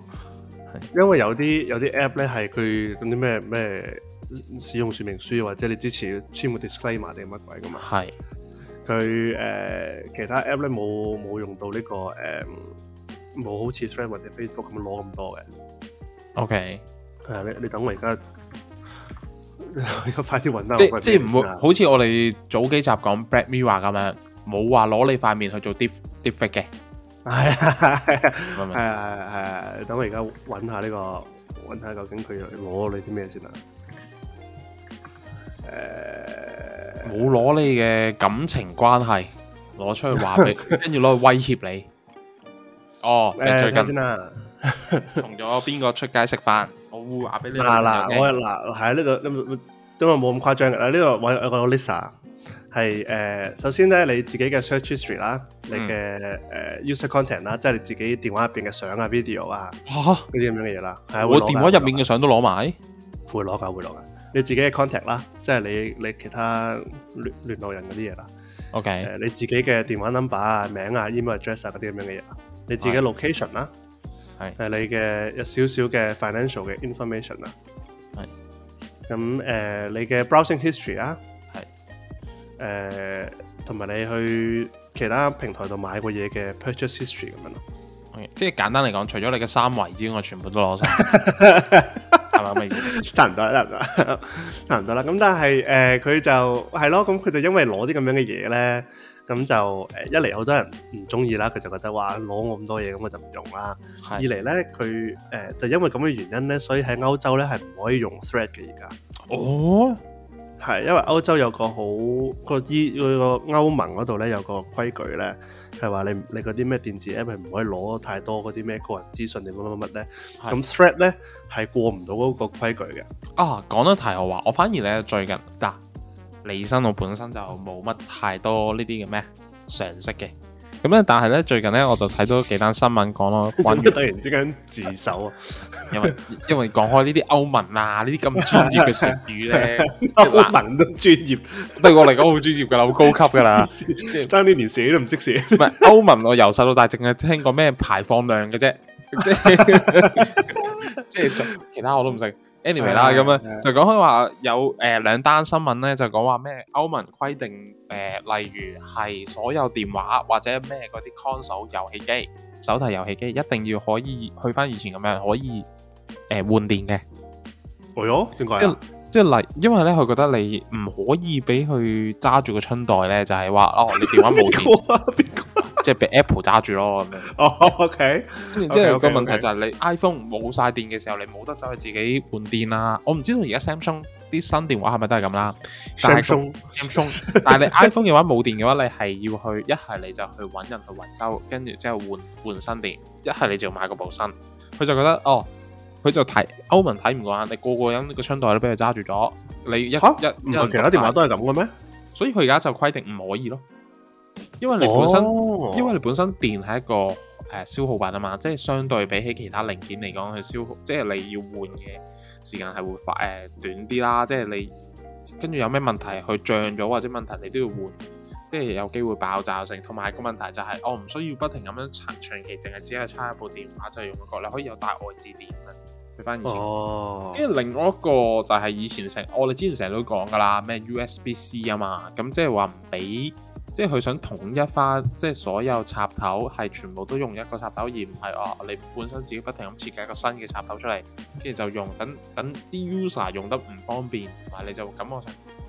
係，因為有啲有啲 app 咧係佢嗰啲咩咩使用說明書，或者你之前簽個 disclaimer 定乜鬼噶嘛。係。佢誒、呃、其他 app 咧冇冇用到呢、這個誒，冇、嗯、好似 Friend 或者 Facebook 咁攞咁多嘅。OK，係啊，你你等我而家，而家快啲揾得。即即唔會好似我哋早幾集講 Black Mirror 咁樣，冇話攞你塊面去做啲 deepfake 嘅。係啊，係啊，係啊，係啊，等我而家揾下呢、這個，揾下究竟佢攞你啲咩先啊。誒、嗯。冇攞你嘅感情關係攞出去話俾佢，跟住攞去威脅你。哦，最近先啦同咗邊個出街食飯？我會話俾你聽。嗱嗱，我嗱係呢度，因為冇咁誇張嘅。呢度有個 list 係誒，首先咧你自己嘅 search history 啦，你嘅誒 user content 啦，即係你自己電話入邊嘅相啊、video 啊嗰啲咁樣嘅嘢啦。我電話入面嘅相都攞埋，會攞噶，會攞噶。你自己嘅 contact 啦，即係你你其他聯聯絡人嗰啲嘢啦。OK，你自己嘅電話 number 啊、名啊、email address 啊嗰啲咁樣嘅嘢，你自己 location 啦，係誒你嘅有少少嘅 financial 嘅 information 啦，係。咁誒，你嘅 browsing history 啦，係。誒，同埋你去其他平台度買過嘢嘅 purchase history 咁樣咯。即係簡單嚟講，除咗你嘅三圍之外，全部都攞晒。差唔多啦，差唔多啦，差唔多啦。咁但係，誒，佢就係咯，咁佢就因為攞啲咁樣嘅嘢咧，咁就誒一嚟好多人唔中意啦，佢就覺得話攞我咁多嘢，咁我就唔用啦。二嚟咧，佢誒就因為咁嘅原因咧，所以喺歐洲咧係唔可以用 Thread 嘅而家。哦，係因為歐洲有個好個依嗰個歐盟嗰度咧有個規矩咧。係話你你嗰啲咩電子 app 唔可以攞太多嗰啲咩個人資訊，你乜乜乜乜咧？咁 thread 咧係過唔到嗰個規矩嘅。啊，講到題外話，我反而咧最近嗱，啊，你生我本身就冇乜太多呢啲嘅咩常識嘅。咁咧，但係咧最近咧我就睇到幾單新聞講咯， [laughs] 突然之間自首。 [laughs] 因為因為講開呢啲歐盟啊，呢啲咁專業嘅術語咧， [laughs] 歐盟都專業， [laughs] 對我嚟講好專業嘅，好高級噶啦，爭啲連寫都唔識寫。唔係歐盟，我由細到大淨係聽過咩排放量嘅啫，即係即係其他我都唔識。Anyway 啦， [laughs] 咁樣就講開話有誒、呃、兩單新聞咧，就講話咩歐盟規定誒、呃，例如係所有電話或者咩嗰啲 console 遊戲機。手提遊戲機一定要可以去返以前咁樣可以誒、呃、換電嘅。哦、哎、呦，點解啊？即係即係咧，因為咧，佢覺得你唔可以俾佢揸住個春袋咧，就係、是、話哦，你電話冇電，啊啊、即係俾 Apple 揸住咯咁樣。哦 [laughs] ，OK。跟然之後有個問題就係你 iPhone 冇晒電嘅時候，你冇得走去自己換電喇！我唔知道而家 Samsung。啲新電話係咪都係咁啦？Samsung 是、iPhone， [laughs] 但係你 iPhone 嘅話冇電嘅話，你係要去一係你就去揾人去維修，跟住之後換換新電；一係你就買個部新。佢就覺得哦，佢就睇歐盟睇唔慣，你個個人個槍袋都俾佢揸住咗。你一、啊、一唔係其他電話都係咁嘅咩？所以佢而家就規定唔可以咯，因為你本身、oh. 因為你本身電係一個誒、呃、消耗品啊嘛，即係相對比起其他零件嚟講，佢消耗即係你要換嘅。時間係會快誒短啲啦，即係你跟住有咩問題佢漲咗，或者問題你都要換，即係有機會爆炸性，同埋個問題就係我唔需要不停咁樣長,長期淨係只係差一部電話就係、用嗰個，你可以有大外置電啊，回翻以,、oh. 以前。哦。跟住另外一個就係以前成，我哋之前成日都講㗎啦，咩 USB C 啊嘛，咁即係話唔俾。即係佢想統一翻，即係所有插頭係全部都用一個插頭，而唔係哦，你本身自己不停咁設計一個新嘅插頭出嚟，跟住就用。等等啲 user 用，用得唔方便，同埋你就感覺上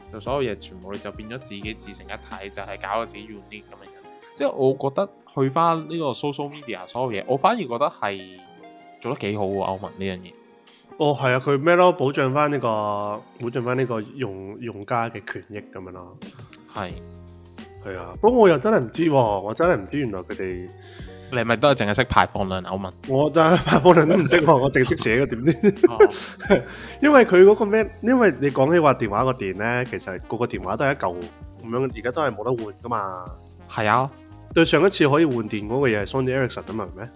就所有嘢全部你就變咗自己自成一體，就係、是、搞自己用 unique 咁嘅樣。即係我覺得去翻呢個 social media 所有嘢，我反而覺得係做得幾好喎，歐盟呢樣嘢。哦，係啊，佢咩咯？保障翻、這、呢個保障翻呢個用用家嘅權益咁樣咯。係。係啊，不過我又真係唔知、哦，我真係唔知原來佢哋，你咪都係淨係識排放量我問，我真係排放量都唔識， [laughs] 我淨識寫嘅，點知？ [laughs] 因為佢嗰個咩？因為你講起話電話個電咧，其實個個電話都係一嚿咁樣，而家都係冇得換噶嘛。係啊，對上一次可以換電嗰個嘢係 Sony Ericsson 啊嘛，係咩？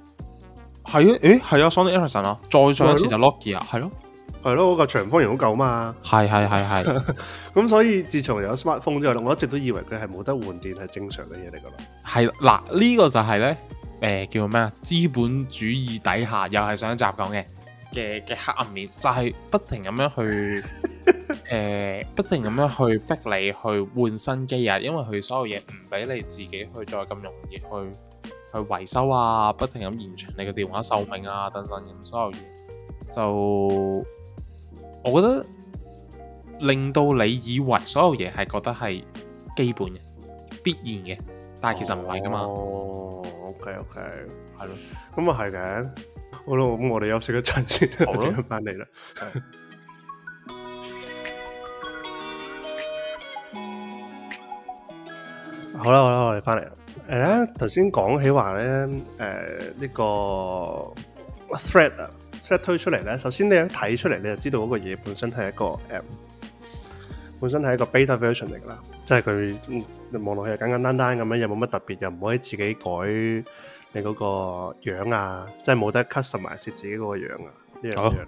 係啊，誒、欸，係啊，Sony Ericsson 啊，er、son, 再上一次就 Nokia 係咯。係咯，嗰，那個長方形好舊嘛！係係係係，咁所以自從有 smartphone 之後，我一直都以為佢係冇得換電係正常嘅嘢嚟㗎啦。係，嗱呢個就係、是、呢，誒、呃、叫做咩啊？資本主義底下又係上一集講嘅嘅嘅黑暗面，就係、是、不停咁樣去誒、 [laughs] 呃，不停咁樣去逼你去換新機啊，因為佢所有嘢唔俾你自己去再咁容易去去維修啊，不停咁延長你嘅電話壽命啊等等，咁所有嘢就。我覺得令到你以為所有嘢係覺得係基本嘅、必然嘅，但係其實唔係㗎嘛。哦，OK OK，係咯，咁啊係嘅。好啦，咁我哋休息一陣先，我哋翻嚟啦。好啦好啦，我哋翻嚟啦。誒，頭先講起話咧，誒呢個 Thread 啊。一推出嚟咧，首先你一睇出嚟，你就知道嗰個嘢本身係一個誒，本身係一個 beta version 嚟㗎喇。即係佢望落去又簡簡單單咁樣，又冇乜特別，又唔可以自己改你嗰個樣啊！即係冇得 custom 埋自己嗰個樣啊！一樣樣，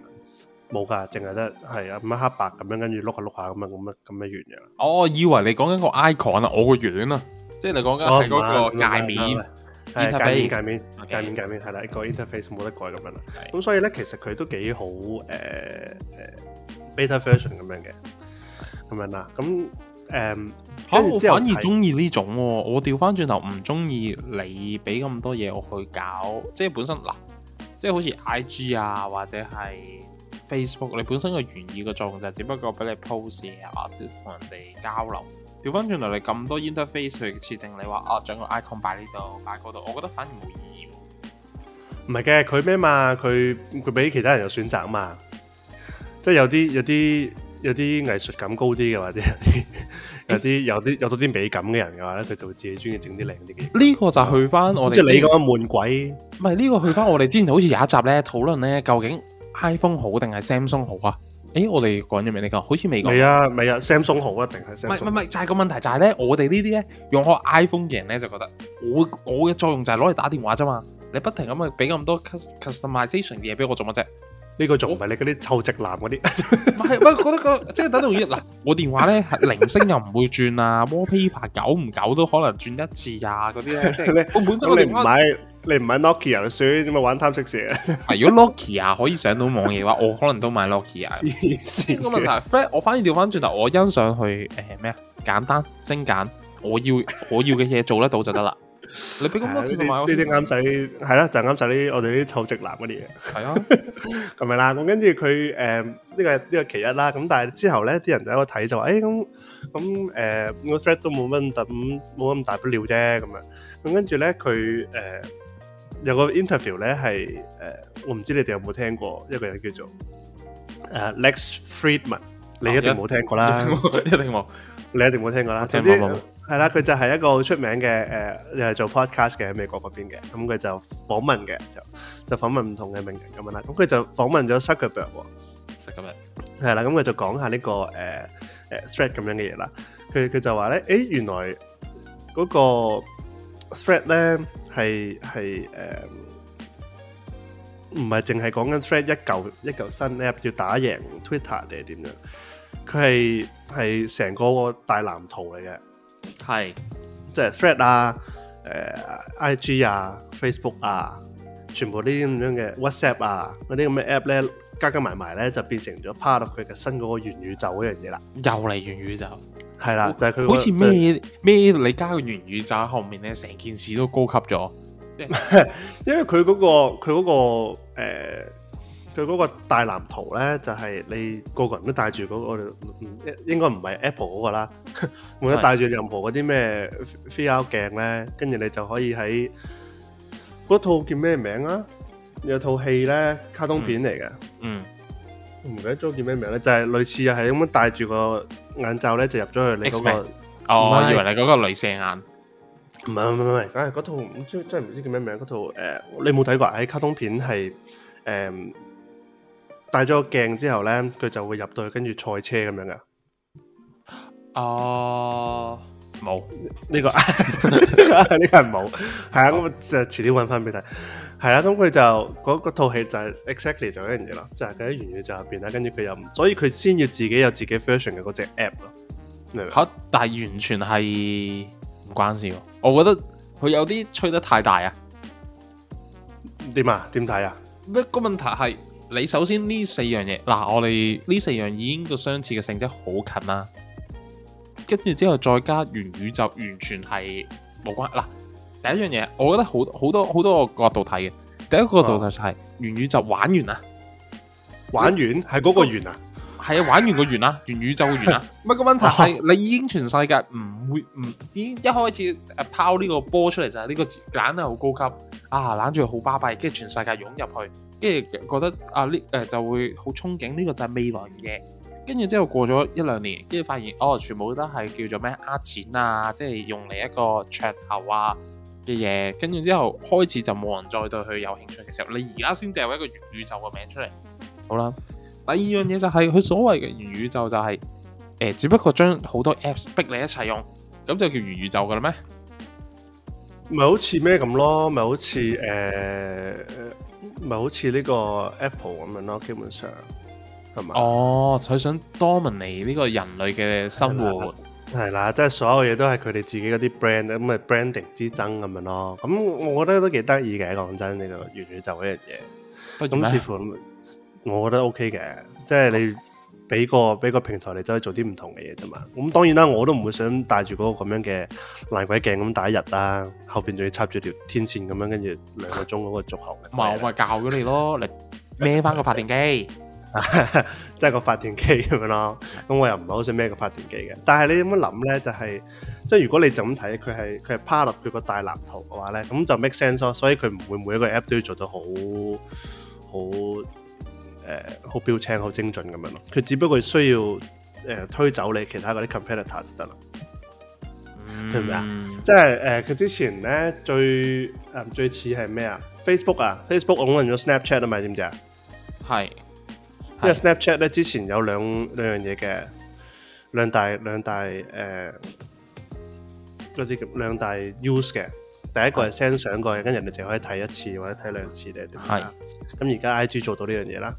冇㗎、oh.，淨係得係咁黑白咁樣，跟住碌下碌下咁啊咁啊咁嘅樣樣。哦，以為你講緊個 icon 啊，我個樣啊，即係你講緊係個界面。啊嗯 Inter 界面界面 Okay. 界面界面，係啦，一個 interface 冇得改咁 Okay. 樣啦。係咁所以咧，其實佢都幾好誒誒、呃啊、，beta version 咁樣嘅，咁樣啦。咁誒，可、呃、能、啊、我反而中意呢種、哦，我調翻轉頭唔中意你俾咁多嘢我去搞。即係本身嗱，即係好似 I G 啊或者係 Facebook，你本身嘅原意個作用就係只不過俾你 post 啊，即係同人哋交流。調翻轉嚟，你咁多 interface 去設定，你話啊，整個 icon 擺呢度，擺嗰度，我覺得反而冇意義。唔係嘅，佢咩嘛？佢佢俾其他人有選擇啊嘛。即係有啲有啲有啲藝術感高啲嘅，或者有啲有啲有啲啲美感嘅人嘅話咧，佢就會自己鍾意整啲靚啲嘅。呢個就去翻我即係你講嘅悶鬼。唔係，呢個去翻我哋之前好似有一集咧，討論咧，究竟 iPhone 好定係 Samsung 好啊？誒，我哋講咗未？呢個好似未講。未啊，未啊，Samsung 好啊，定係 Samsung？唔係，唔係，就係、是、個問題就係咧，我哋呢啲咧用開 iPhone 嘅人咧就覺得我，我我嘅作用就係攞嚟打電話啫嘛，你不停咁啊俾咁多 customization 嘅嘢俾我做乜啫？呢個做唔係你嗰啲我臭直男嗰啲。唔 [laughs] 係，不係，我覺得，覺得即係等同於嗱，我電話咧，鈴聲又唔會轉啊，Wallpaper 久唔久都可能轉一次啊，嗰啲咧，即我本身我電話。你你唔係 Nokia、ok、算，你屬點樣玩貪食蛇啊？ [laughs] 如果 Nokia、ok、可以上到網嘅話， [laughs] 我可能都買 Nokia、ok。意思？我問題 f [laughs] r 我反而調翻轉頭，我欣賞去誒咩啊？簡單、精簡，我要我要嘅嘢做得到就得啦。你俾個我啲啱仔係啦，就啱晒啲我哋啲臭直男嗰啲嘢。係 [laughs] 啊，咁樣啦。咁跟住佢誒呢個呢、這個這個其一啦。咁但係之後咧，啲人們就喺度睇就話：誒咁咁誒，我 Thread、呃、都冇乜咁冇咁大不了啫。咁樣咁跟住咧，佢誒。他呃有個 interview 咧係誒，我唔知你哋有冇聽過一個人叫做誒 Lex Friedman，你一定冇聽過啦，一定冇，你一定冇聽過啦。總之係啦，佢就係一個好出名嘅誒，又係做 podcast 嘅喺美國嗰邊嘅，咁佢就訪問嘅，就就訪問唔同嘅名人咁樣啦。咁佢就訪問咗 Zuckerberg，Zuckerberg 係啦，咁佢就講下呢個誒誒 thread 咁樣嘅嘢啦。佢佢就話咧，誒原來嗰個 thread 咧。係係誒，唔係淨係講緊 Thread 一嚿一嚿新 app 要打贏 Twitter 定係點樣？佢係係成個大藍圖嚟嘅，係即係 Thread 啊、誒、IG 啊、Facebook 啊，全部呢啲咁樣嘅 WhatsApp 啊嗰啲咁嘅 app 咧，加加埋埋咧就變成咗 part of 佢嘅新嗰個元宇宙嗰樣嘢啦，又嚟元宇宙。係啦，就係、是、佢、那個、好似咩咩，就是、什麼你加個粵語就喺後面咧，成件事都高級咗。就是、 [laughs] 因為佢嗰、那個佢嗰、那個誒，佢、呃、嗰個大藍圖咧，就係、是、你個個人都戴住嗰個，應應該唔係 Apple 嗰個啦，或者戴住任何嗰啲咩 VR 鏡咧，跟住你就可以喺嗰套叫咩名啊？有套戲咧，卡通片嚟嘅、嗯，嗯。唔記得咗叫咩名咧，就係、是、類似又係咁樣戴住個眼罩咧，就入咗去你嗰、那個哦，我、oh, 是以為你嗰個鐳射眼，唔係唔係唔係，梗係嗰套唔知真係唔知叫咩名，嗰套誒你冇睇過喺卡通片係誒、呃、戴咗個鏡之後咧，佢就會入到去跟住賽車咁樣噶哦，冇呢、uh, 沒這個呢 [laughs] [laughs] [laughs] 個冇，係啊好我我遲啲搵返俾你睇。係啦，咁佢、啊、就嗰套戲就係 exactly 就一樣嘢咯，就係嗰啲元宇宙就入邊啦，跟住佢又，所以佢先要自己有自己 version 嘅嗰隻 app 咯。吓，但係完全係唔關事。我覺得佢有啲吹得太大啊。點啊？點睇啊？不過個問題係，你首先呢四樣嘢嗱，我哋呢四樣已經個相似嘅性質好近啦，跟住之後再加元宇宙就完全係冇關嗱。第一樣嘢，我覺得好好多好多個角度睇嘅。第一個角度就係元宇宙玩完啦、啊啊，玩完係嗰個元啊，係玩 [laughs] 完個元啊，元宇宙嘅元啊。乜個問題係你已經全世界唔會唔已經一開始誒拋呢個波出嚟就係呢個攬得好高級啊，攬住好巴閉，跟住全世界湧入去，跟住覺得啊呢誒、呃、就會好憧憬呢、呢個就係未來嘅。跟住之後過咗一兩年，跟住發現哦，全部都係叫做咩呃錢啊，即係用嚟一個噱頭啊。嘅嘢，跟住之後開始就冇人再對佢有興趣嘅時候，你而家先掉一個元宇宙嘅名出嚟，好啦。第二樣嘢就係佢所謂嘅元宇宙就係、是、誒，只不過將好多 Apps 逼你一齊用，咁就叫元宇宙噶啦咩？咪好似咩咁咯？咪好似誒，咪好似呢個 Apple 咁樣咯。基本上係咪？哦，佢想 dominate 呢個人類嘅生活。係啦，即係所有嘢都係佢哋自己嗰啲 brand 咁咪 branding 之爭咁樣咯。咁我覺得都幾得意嘅，講真呢、呢個完完全就嗰一樣嘢。咁似，似乎我覺得 OK 嘅，即係你俾個俾個平台你走去做啲唔同嘅嘢啫嘛。咁當然啦，我都唔會想戴住嗰個咁樣嘅爛鬼鏡咁打一日啦、啊，後邊仲要插住條天線咁樣，跟住兩個鐘嗰個續航。唔係不，我咪教咗你咯，你孭翻個發電機。 [laughs] 即係 [laughs] 個發電機咁樣咯，咁我又唔係好想咩個發電機嘅。但係你點樣諗咧？就係即係如果你就咁睇，佢係佢係 part of 佢個大藍圖嘅話咧，咁就 make sense 咯。所以佢唔會每一個 app 都要做到好好誒好標青、好精準咁樣咯。佢只不過需要誒、呃、推走你其他嗰啲 competitor 就得啦，mm。明唔明啊？即係誒，佢之前咧最誒最似係咩啊？Facebook 啊，Facebook 壟斷咗 Snapchat 啊嘛，知唔知啊？係。因為 Snapchat 咧，之前有兩兩樣嘢嘅兩大兩大誒啲兩大 use 嘅，第一個係 send 相過去，跟住人哋凈可以睇一次或者睇兩次嘅。係，咁而家 I G 做到呢樣嘢啦。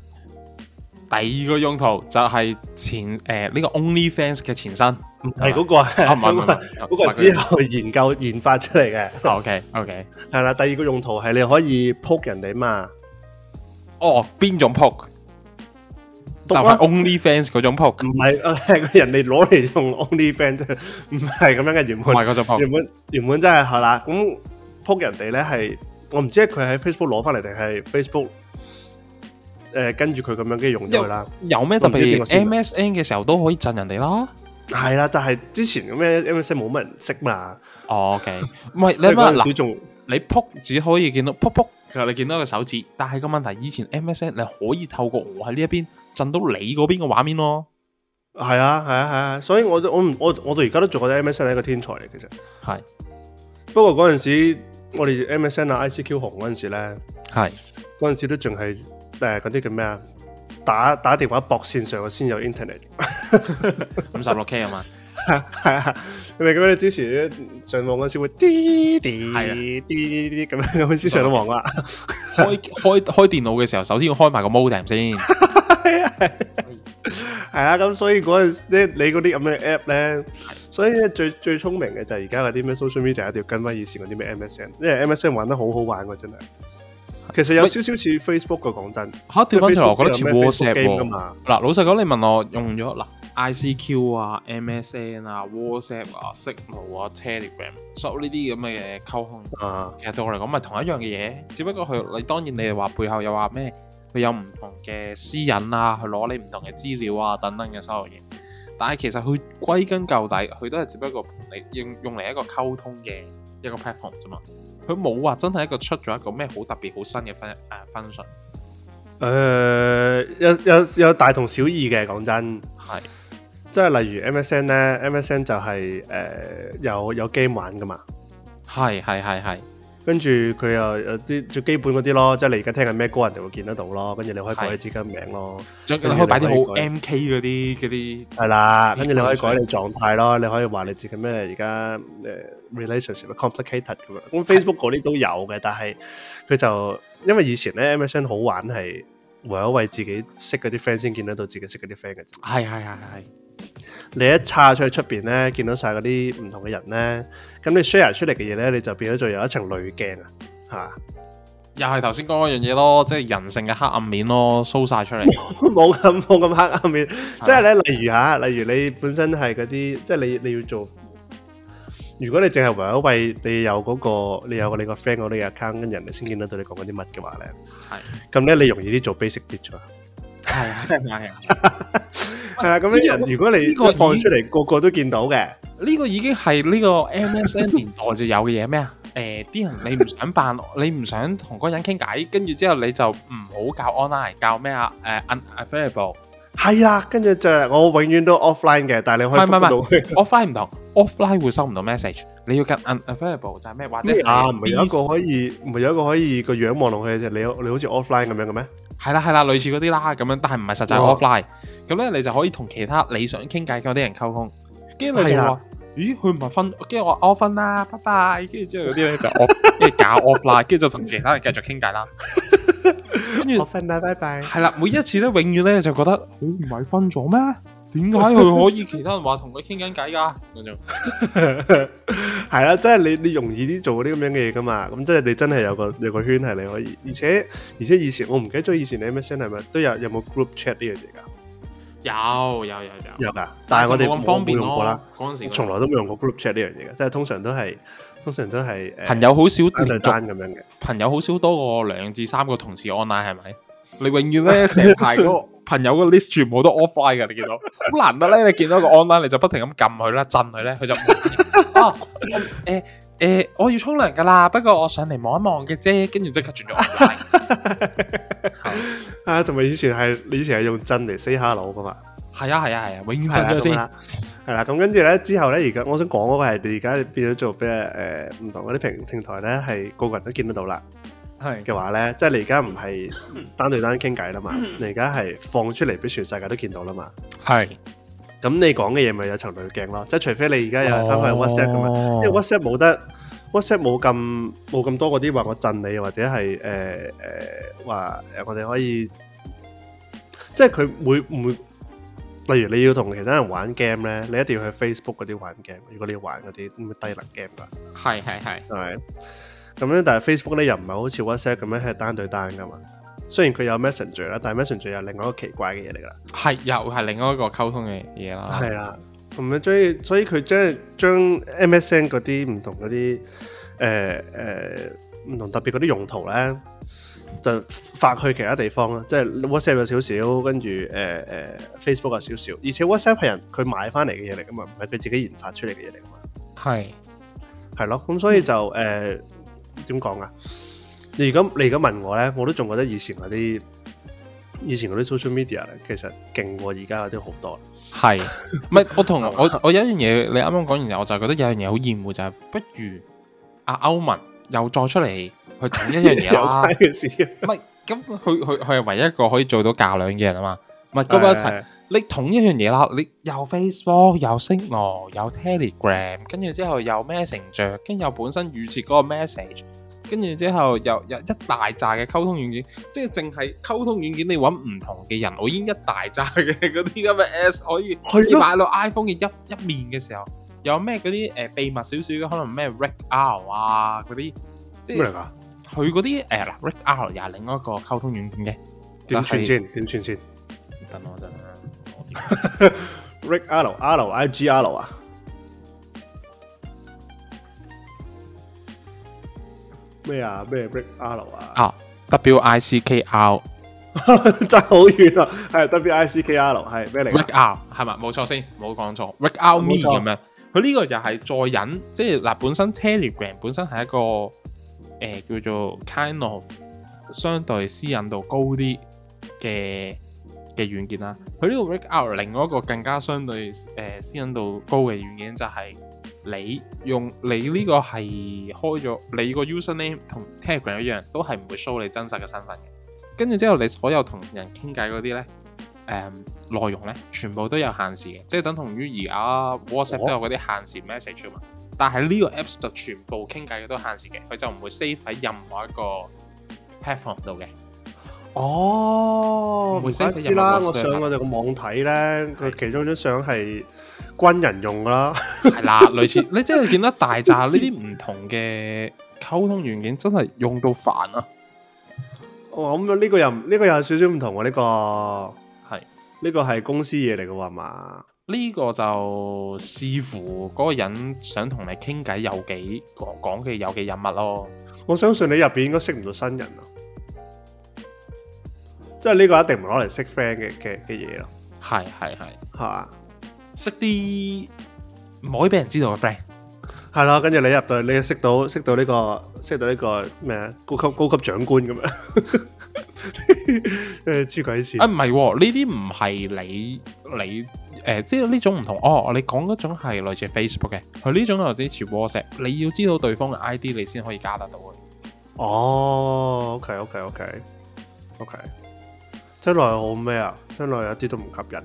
第二個用途就係前，誒呢個 Only Fans 嘅前身，唔係嗰個，唔係嗰個之後研究研發出嚟嘅。OK OK 係啦。第二個用途係你可以 poke 人哋嘛？哦，邊種 poke？啊、就係 only fans 嗰種扑，唔係，係個人哋攞嚟用 only fans，唔係咁樣嘅原本，唔係嗰種扑，原本原本真係係啦。咁扑人哋咧係，我唔知佢喺 Facebook 攞翻嚟定係 Facebook，誒、呃、跟住佢咁樣嘅用咗佢啦。有咩特別？MSN 嘅時候都可以震人哋啦。係啦、啊，但係之前咩 MSN 冇乜人識嘛。OK，唔係你話嗱，你仲 [laughs] 你扑只可以見到扑扑，其實你見到個手指。但係個問題，以前 MSN 你可以透過我喺呢一邊。震到你嗰邊嘅畫面咯，係啊，係啊，係啊，所以我我我我到而家都仲覺得 MSN 係一個天才嚟，其實係。不過嗰陣時，我哋 MSN 啊 ICQ 紅嗰陣時咧，係嗰陣時都仲係誒嗰啲叫咩啊？打打電話駁線上嘅先有 internet，五十六 K 啊嘛。 [laughs] 係啊，你咁樣，你之前上網嗰時會滴滴滴滴咁樣咁先上到網啦，開開開電腦嘅時候，首先要先開埋個 modem 先。係啊，咁所以嗰陣時你嗰啲咁嘅 app 咧，所以最最聰明嘅就係而家嗰啲咩 social media 一定要跟翻以前嗰啲咩 MSN，因為 MSN 玩得好好玩噶，真係。其實有少少似 Facebook 嘅講是真吓。調翻轉，我覺得似 WhatsApp 喎。嗱、啊，老實講，你問我用咗嗱 ICQ 啊、MSN 啊、MS 啊、WhatsApp 啊、Signal 啊、Telegram，所有呢啲咁嘅溝通，啊、其實對我嚟講，咪同一樣嘅嘢。只不過佢，你當然你話背後又話咩？佢有唔同嘅私隱啊，去攞你唔同嘅資料啊等等嘅所有嘢。但係其實佢歸根究底，佢都係只不過同你用用嚟一個溝通嘅一個 platform 啫嘛。佢冇話真係一個出咗一個咩好特別好新嘅分誒 function。誒、呃、有有有大同小異嘅講真係，是即係例如 MSN 咧，MSN 就係、是、誒、呃、有有 game 玩㗎嘛。係係係係，跟住佢又有啲最基本嗰啲咯，即係你而家聽緊咩歌，人哋會見得到咯。跟住你可以改你自己嘅名咯，是你可以擺啲好 MK 嗰啲嗰啲係啦。跟住你可以改你狀態咯，你可以話你自己咩而家誒。呃 relationship complicated 咁啊，咁 Facebook 嗰啲都有嘅，是的但係佢就因為以前咧，MSN 好玩係唯有為自己識嗰啲 friend 先見得到自己識嗰啲 friend 嘅。係係係係，你一叉出去出邊咧，見到晒嗰啲唔同嘅人咧，咁你 share 出嚟嘅嘢咧，你就變咗做有一層濾鏡啊，係咪？又係頭先講嗰樣嘢咯，即係人性嘅黑暗面咯，show 晒出嚟，冇咁冇咁黑暗面，的即係咧，例如吓、啊，例如你本身係嗰啲，即係你你要做。如果你淨係為咗為你有嗰個你有你個 friend 嗰啲 account 跟人哋先見得到你講緊啲乜嘅話咧，係咁咧你容易啲做 basic bitch 咋嘛？係係係係啊！係啊！咁啲人如果你放出嚟，個個都見到嘅。呢個已經係呢個 MSN 年代就有嘅嘢咩啊？誒，啲人你唔想扮，你唔想同嗰人傾偈，跟住之後你就唔好教 online 教咩啊？誒 unavailable 係啦，跟住就係我永遠都 offline 嘅，但係你可以復到 offline 唔同。Offline 會收唔到 message，你要撳 Unavailable 就係咩？或者係咩啊？唔係有一個可以，唔係有一個可以個樣望落去嘅啫。你你好似 offline 咁樣嘅咩？係啦係啦，類似嗰啲啦咁樣，但係唔係實際 offline。咁咧，你就可以同其他你想傾偈嗰啲人溝通。跟住你就話咦，佢唔係分？跟住我 off 分啦，拜拜。跟住之後嗰啲咧就我即係假 off 啦，跟住就同其他人繼續傾偈啦。跟住 off 分啦，拜拜。係啦，每一次咧，永遠咧就覺得好唔係分咗咩？點解佢可以其他人話同佢傾緊偈噶？係啦、 [laughs] [laughs] 啊，即係你你容易啲做啲咁樣嘅嘢噶嘛？咁即係你真係有個有個圈係你可以，而且而且以前我唔記得咗以前你 MSN 係咪都有有冇 group chat 呢樣嘢噶？有有有有有噶，但係我哋方便、啊、用過啦。嗰陣時從來都冇用過 group chat 呢樣嘢嘅，即係通常都係通常都係朋友好少，兩班咁樣嘅。朋友好少多過兩至三個同事 online 係咪？你永遠咧成排多。 [laughs] 朋友嘅 list 全部都 offline 嘅，你見到好難得咧，你見到個 online 你就不停咁撳佢啦，震佢咧，佢就 [laughs] 啊誒誒、嗯欸欸，我要沖涼噶啦，不過我上嚟望一望嘅啫，跟住即刻轉咗、 [laughs] 嗯、啊！同埋以前係你以前係用震嚟 say hello 噶嘛，係啊係啊係啊，永遠震咗先、啊，係啦咁跟住咧之後咧，而家我想講嗰個係你而家變咗做咩誒？唔、呃、同嗰啲平平台咧，係個個人都見得到啦。係嘅是話咧，即係你而家唔係單對單傾偈啦嘛， [laughs] 你而家係放出嚟俾全世界都見到啦嘛。係是，咁你講嘅嘢咪有層濾鏡咯，即係除非你而家又係翻翻去 WhatsApp 咁樣，哦、因為 WhatsApp 冇得，WhatsApp 冇咁冇咁多嗰啲話我震你，或者係誒誒話誒我哋可以，即係佢會唔會，例如你要同其他人玩 game 咧，你一定要去 Facebook 嗰啲玩 game。如果你要玩嗰啲低能 game 噶。係係係，係。咁樣，但係 Facebook 咧又唔係好似 WhatsApp 咁樣，係單對單噶嘛。雖然佢有 Messenger 啦，但係 Messenger 又有另外一個奇怪嘅嘢嚟噶啦。係又係另外一個溝通嘅嘢啦。係啦，咁樣，所以所以佢將將 MSN 嗰啲唔同嗰啲誒誒唔同特別嗰啲用途咧，就發去其他地方咯。即係 WhatsApp 有少少，跟住誒誒 Facebook 有少少。而且 WhatsApp 係人佢買翻嚟嘅嘢嚟噶嘛，唔係佢自己研發出嚟嘅嘢嚟噶嘛。係係咯，咁所以就誒。嗯呃點講啊？你而家你而家問我咧，我都仲覺得以前嗰啲以前嗰啲 social media 咧，其實勁過而家嗰啲好多。係，唔係我同我我有一樣嘢，你啱啱講完嘢，我就係覺得有樣嘢好厭惡就係，不如阿歐文又再出嚟去統一樣嘢啦。唔係咁，佢佢係唯一一個可以做到較量嘅人啊嘛。唔係咁樣睇，你統一樣嘢啦，你又 Facebook 又 Signal 又 Telegram，跟住之後又 Messenger，跟又本身預設嗰個 message。跟住之後，又有一大扎嘅溝通軟件，即係淨係溝通軟件，你揾唔同嘅人。我已經一大扎嘅嗰啲咁嘅 a s 可以擺落 iPhone 嘅一一面嘅時候，有咩嗰啲誒秘密少少嘅，可能咩 Grindr 啊嗰啲，即係咩嚟㗎？佢嗰啲誒啦，Grindr 又係另一個溝通軟件嘅，就是、點算先？點算先？等我陣啊，Rakal，al，igal 啊。咩啊？咩 Wickr 啊？啊，W I C K R，真係好遠啊！係 W I C K R，係咩嚟？Wickr 係嘛？冇錯先，冇講錯。Wickr Me 咁樣，佢呢個又係再引，即係嗱，本身 Telegram 本身係一個誒叫做 kind of 相對私隱度高啲嘅嘅軟件啦。佢呢個 Wickr，另外一個更加相對誒私隱度高嘅軟件就係。你用你呢個係開咗你個 user name 同 Telegram 一樣，都係唔會 show 你真實嘅身份嘅。跟住之後，你所有同人傾偈嗰啲咧，誒、嗯、內容咧，全部都有限時嘅，即係等同於而家、啊哦、WhatsApp 都有嗰啲限時 message 啊嘛。哦、但係呢個 Apps 就全部傾偈嘅都限時嘅，佢就唔會 save 喺任何一個 platform 度嘅。哦，唔會 save 喺任何一個平台度嘅。我上我哋個網睇咧，佢的其中一張相係。軍人用啦，係啦，類似 [laughs] 你真係見得大閘呢啲唔同嘅溝通軟件 [laughs] 真係用到煩啊！哦咁呢個又呢、這個又少少唔同啊！呢、這個係呢是個係公司嘢嚟噶嘛？呢個就視乎嗰個人想同你傾偈有幾講講嘅有幾隱密咯。我相信你入邊應該識唔到新人啊，即係呢個一定唔攞嚟識 friend 嘅嘅嘅嘢咯。係係係係識啲唔可以俾人知道嘅 friend，係咯，跟住你入到，你又識到，識到呢個，識到呢個咩啊？高級高級長官咁樣？誒 [laughs] 病，黐鬼線啊！唔係，呢啲唔係你你誒，即係呢種唔同哦。你講嗰種係類似 Facebook 嘅，佢呢種係類似 WhatsApp。你要知道對方嘅 ID，你先可以加得到嘅。哦，OK OK OK OK，聽落好咩啊？聽落一啲都唔吸引，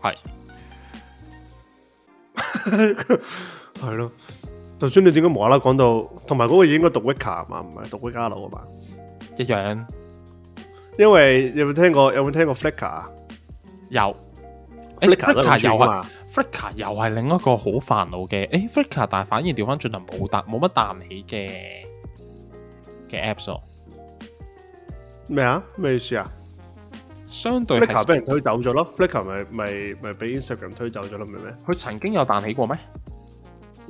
係。係咯，頭先 [laughs] 你點解無啦啦講到，同埋嗰個嘢應該讀 Wicker 啊嘛，唔係讀 Wicker 佬啊嘛，一樣。因為有冇聽過，有冇聽過 Flickr 啊？有，Flickr 又係 Flickr 又係另一個好煩惱嘅，誒、欸、，Flickr 但係反而調翻轉頭冇答，冇乜彈起嘅嘅 Apps 咩啊？咩、哦、意思啊？相對 Flickr 被人推走咗咯 Flickr 咪咪咪俾 Instagram 推走咗咯，唔係咩？佢曾經有彈起過咩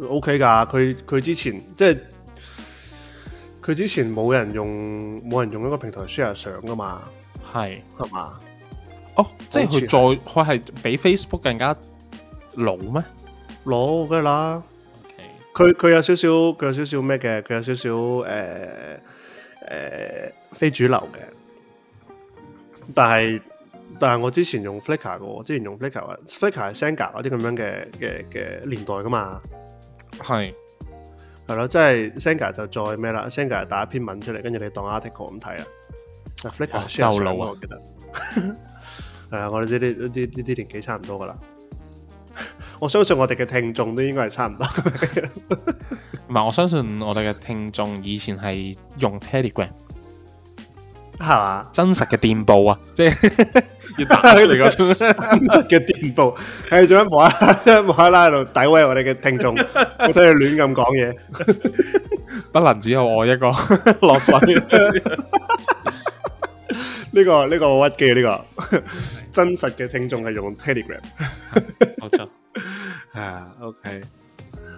？OK 噶，佢佢之前即係佢之前冇人用冇人用一個平台 share 相噶嘛，係係嘛？哦吧，oh, 即係佢再佢係比 Facebook 更加老咩？老梗啦，佢佢有少少佢有少少咩嘅，佢有少少誒誒、呃呃、非主流嘅。但係但係，我之前用 Flickr 嘅喎，之前用 Flickr 啊，Flickr 係 Senga 嗰啲咁樣嘅嘅嘅年代噶嘛，係係咯，即係 Senga 就再咩啦 Senga 打一篇文出嚟，跟住你當 article 咁睇啦，Flickr 就老啊，我啊我記得係啊， [laughs] 我哋呢啲呢啲呢啲年紀差唔多噶啦， [laughs] [laughs] 我相信我哋嘅聽眾都應該係差唔多，唔係我相信我哋嘅聽眾以前係用 Telegram。係嘛？是真實嘅電報啊，即 [laughs] 係要打嚟個真實嘅電報，係仲喺度詆毀我哋嘅聽眾，我都佢亂咁講嘢， [laughs] [laughs] 不能只有我一個 [laughs] 落水。呢個呢、呢個好屈機呢、呢個真實嘅聽眾係用 Telegram，冇錯。啊，OK，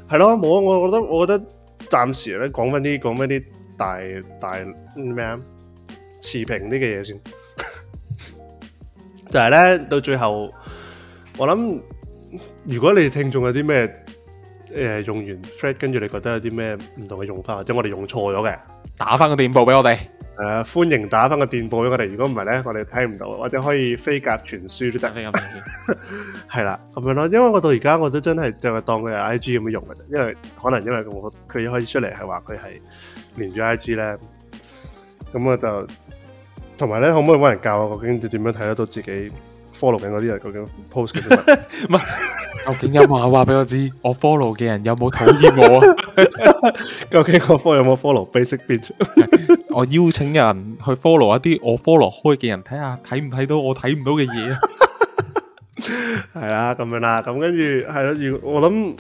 係咯，我我覺得我覺得暫時咧講翻啲講翻啲大大咩啊？嗯持平啲嘅嘢先，就係咧，到最後，我諗，如果你聽眾有啲咩，誒用完 Thread 跟住你覺得有啲咩唔同嘅用法，或者我哋用錯咗嘅，打翻個電報俾我哋。誒、啊，歡迎打翻個電報俾我哋。如果唔係咧，我哋睇唔到，或者可以飛鴿傳書都得。係啦，咁樣咯。因為我到而家我都真係就係當佢係 I G 咁樣用嘅，因為可能因為我佢一開始出嚟係話佢係連住 I G 咧，咁我就。同埋咧，可唔可以搵人教啊？究竟點點樣睇得到自己 follow 緊嗰啲人究竟 post 嘅？唔係，究竟有冇話俾我知我 follow 嘅人有冇討厭我啊？ [laughs] 究竟我 follow 有冇 follow basic bitch？ [laughs] 我邀請人去 follow 一啲我 follow 開嘅人，睇下睇唔睇到我睇唔到嘅嘢 [laughs] 啊？係啦、啊，咁樣啦，咁跟住係咯。如我諗，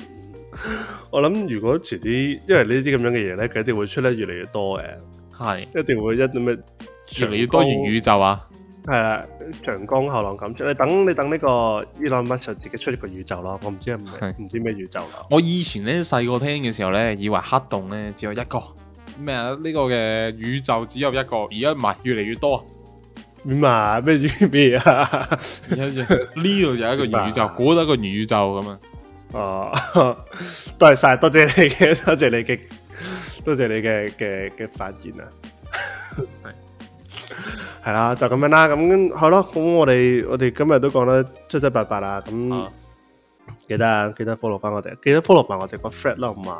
我諗如果遲啲，因為這這呢啲咁樣嘅嘢咧，佢一定會出得越嚟越多嘅。係是，一定會一咁樣。越嚟越多元宇宙啊！係啦、啊，長江後浪趕超你，等你等呢個伊朗乜就自己出一個宇宙咯！我唔知係唔係唔知咩宇宙。我以前咧細個聽嘅時候咧，以為黑洞咧只有一個咩啊？呢、這個嘅宇宙只有一個，而家唔係越嚟越多。唔係咩咩啊？呢度就有一個元宇宙，估到麼一個元宇宙咁啊！哦，多謝晒，多謝你嘅，多謝你嘅，多謝你嘅嘅嘅發言啊！係。 [laughs] 係啦，就咁樣啦，咁好咯，咁我哋我哋今日都講得七七八八啦，咁記得記得 follow 翻我哋，記得 follow 埋我哋個 friend 啦，嘛，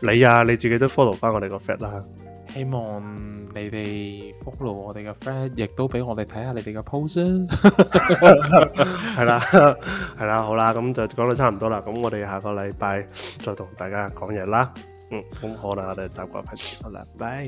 你啊你自己都 follow 翻我哋個 friend 啦，希望你哋 follow 我哋嘅 friend，亦都俾我哋睇下你哋嘅 post 啊，係啦係啦，好啦，咁就講得差唔多啦，咁我哋下個禮拜再同大家講嘢啦，嗯，好啦，我哋揸過飛機啦，拜。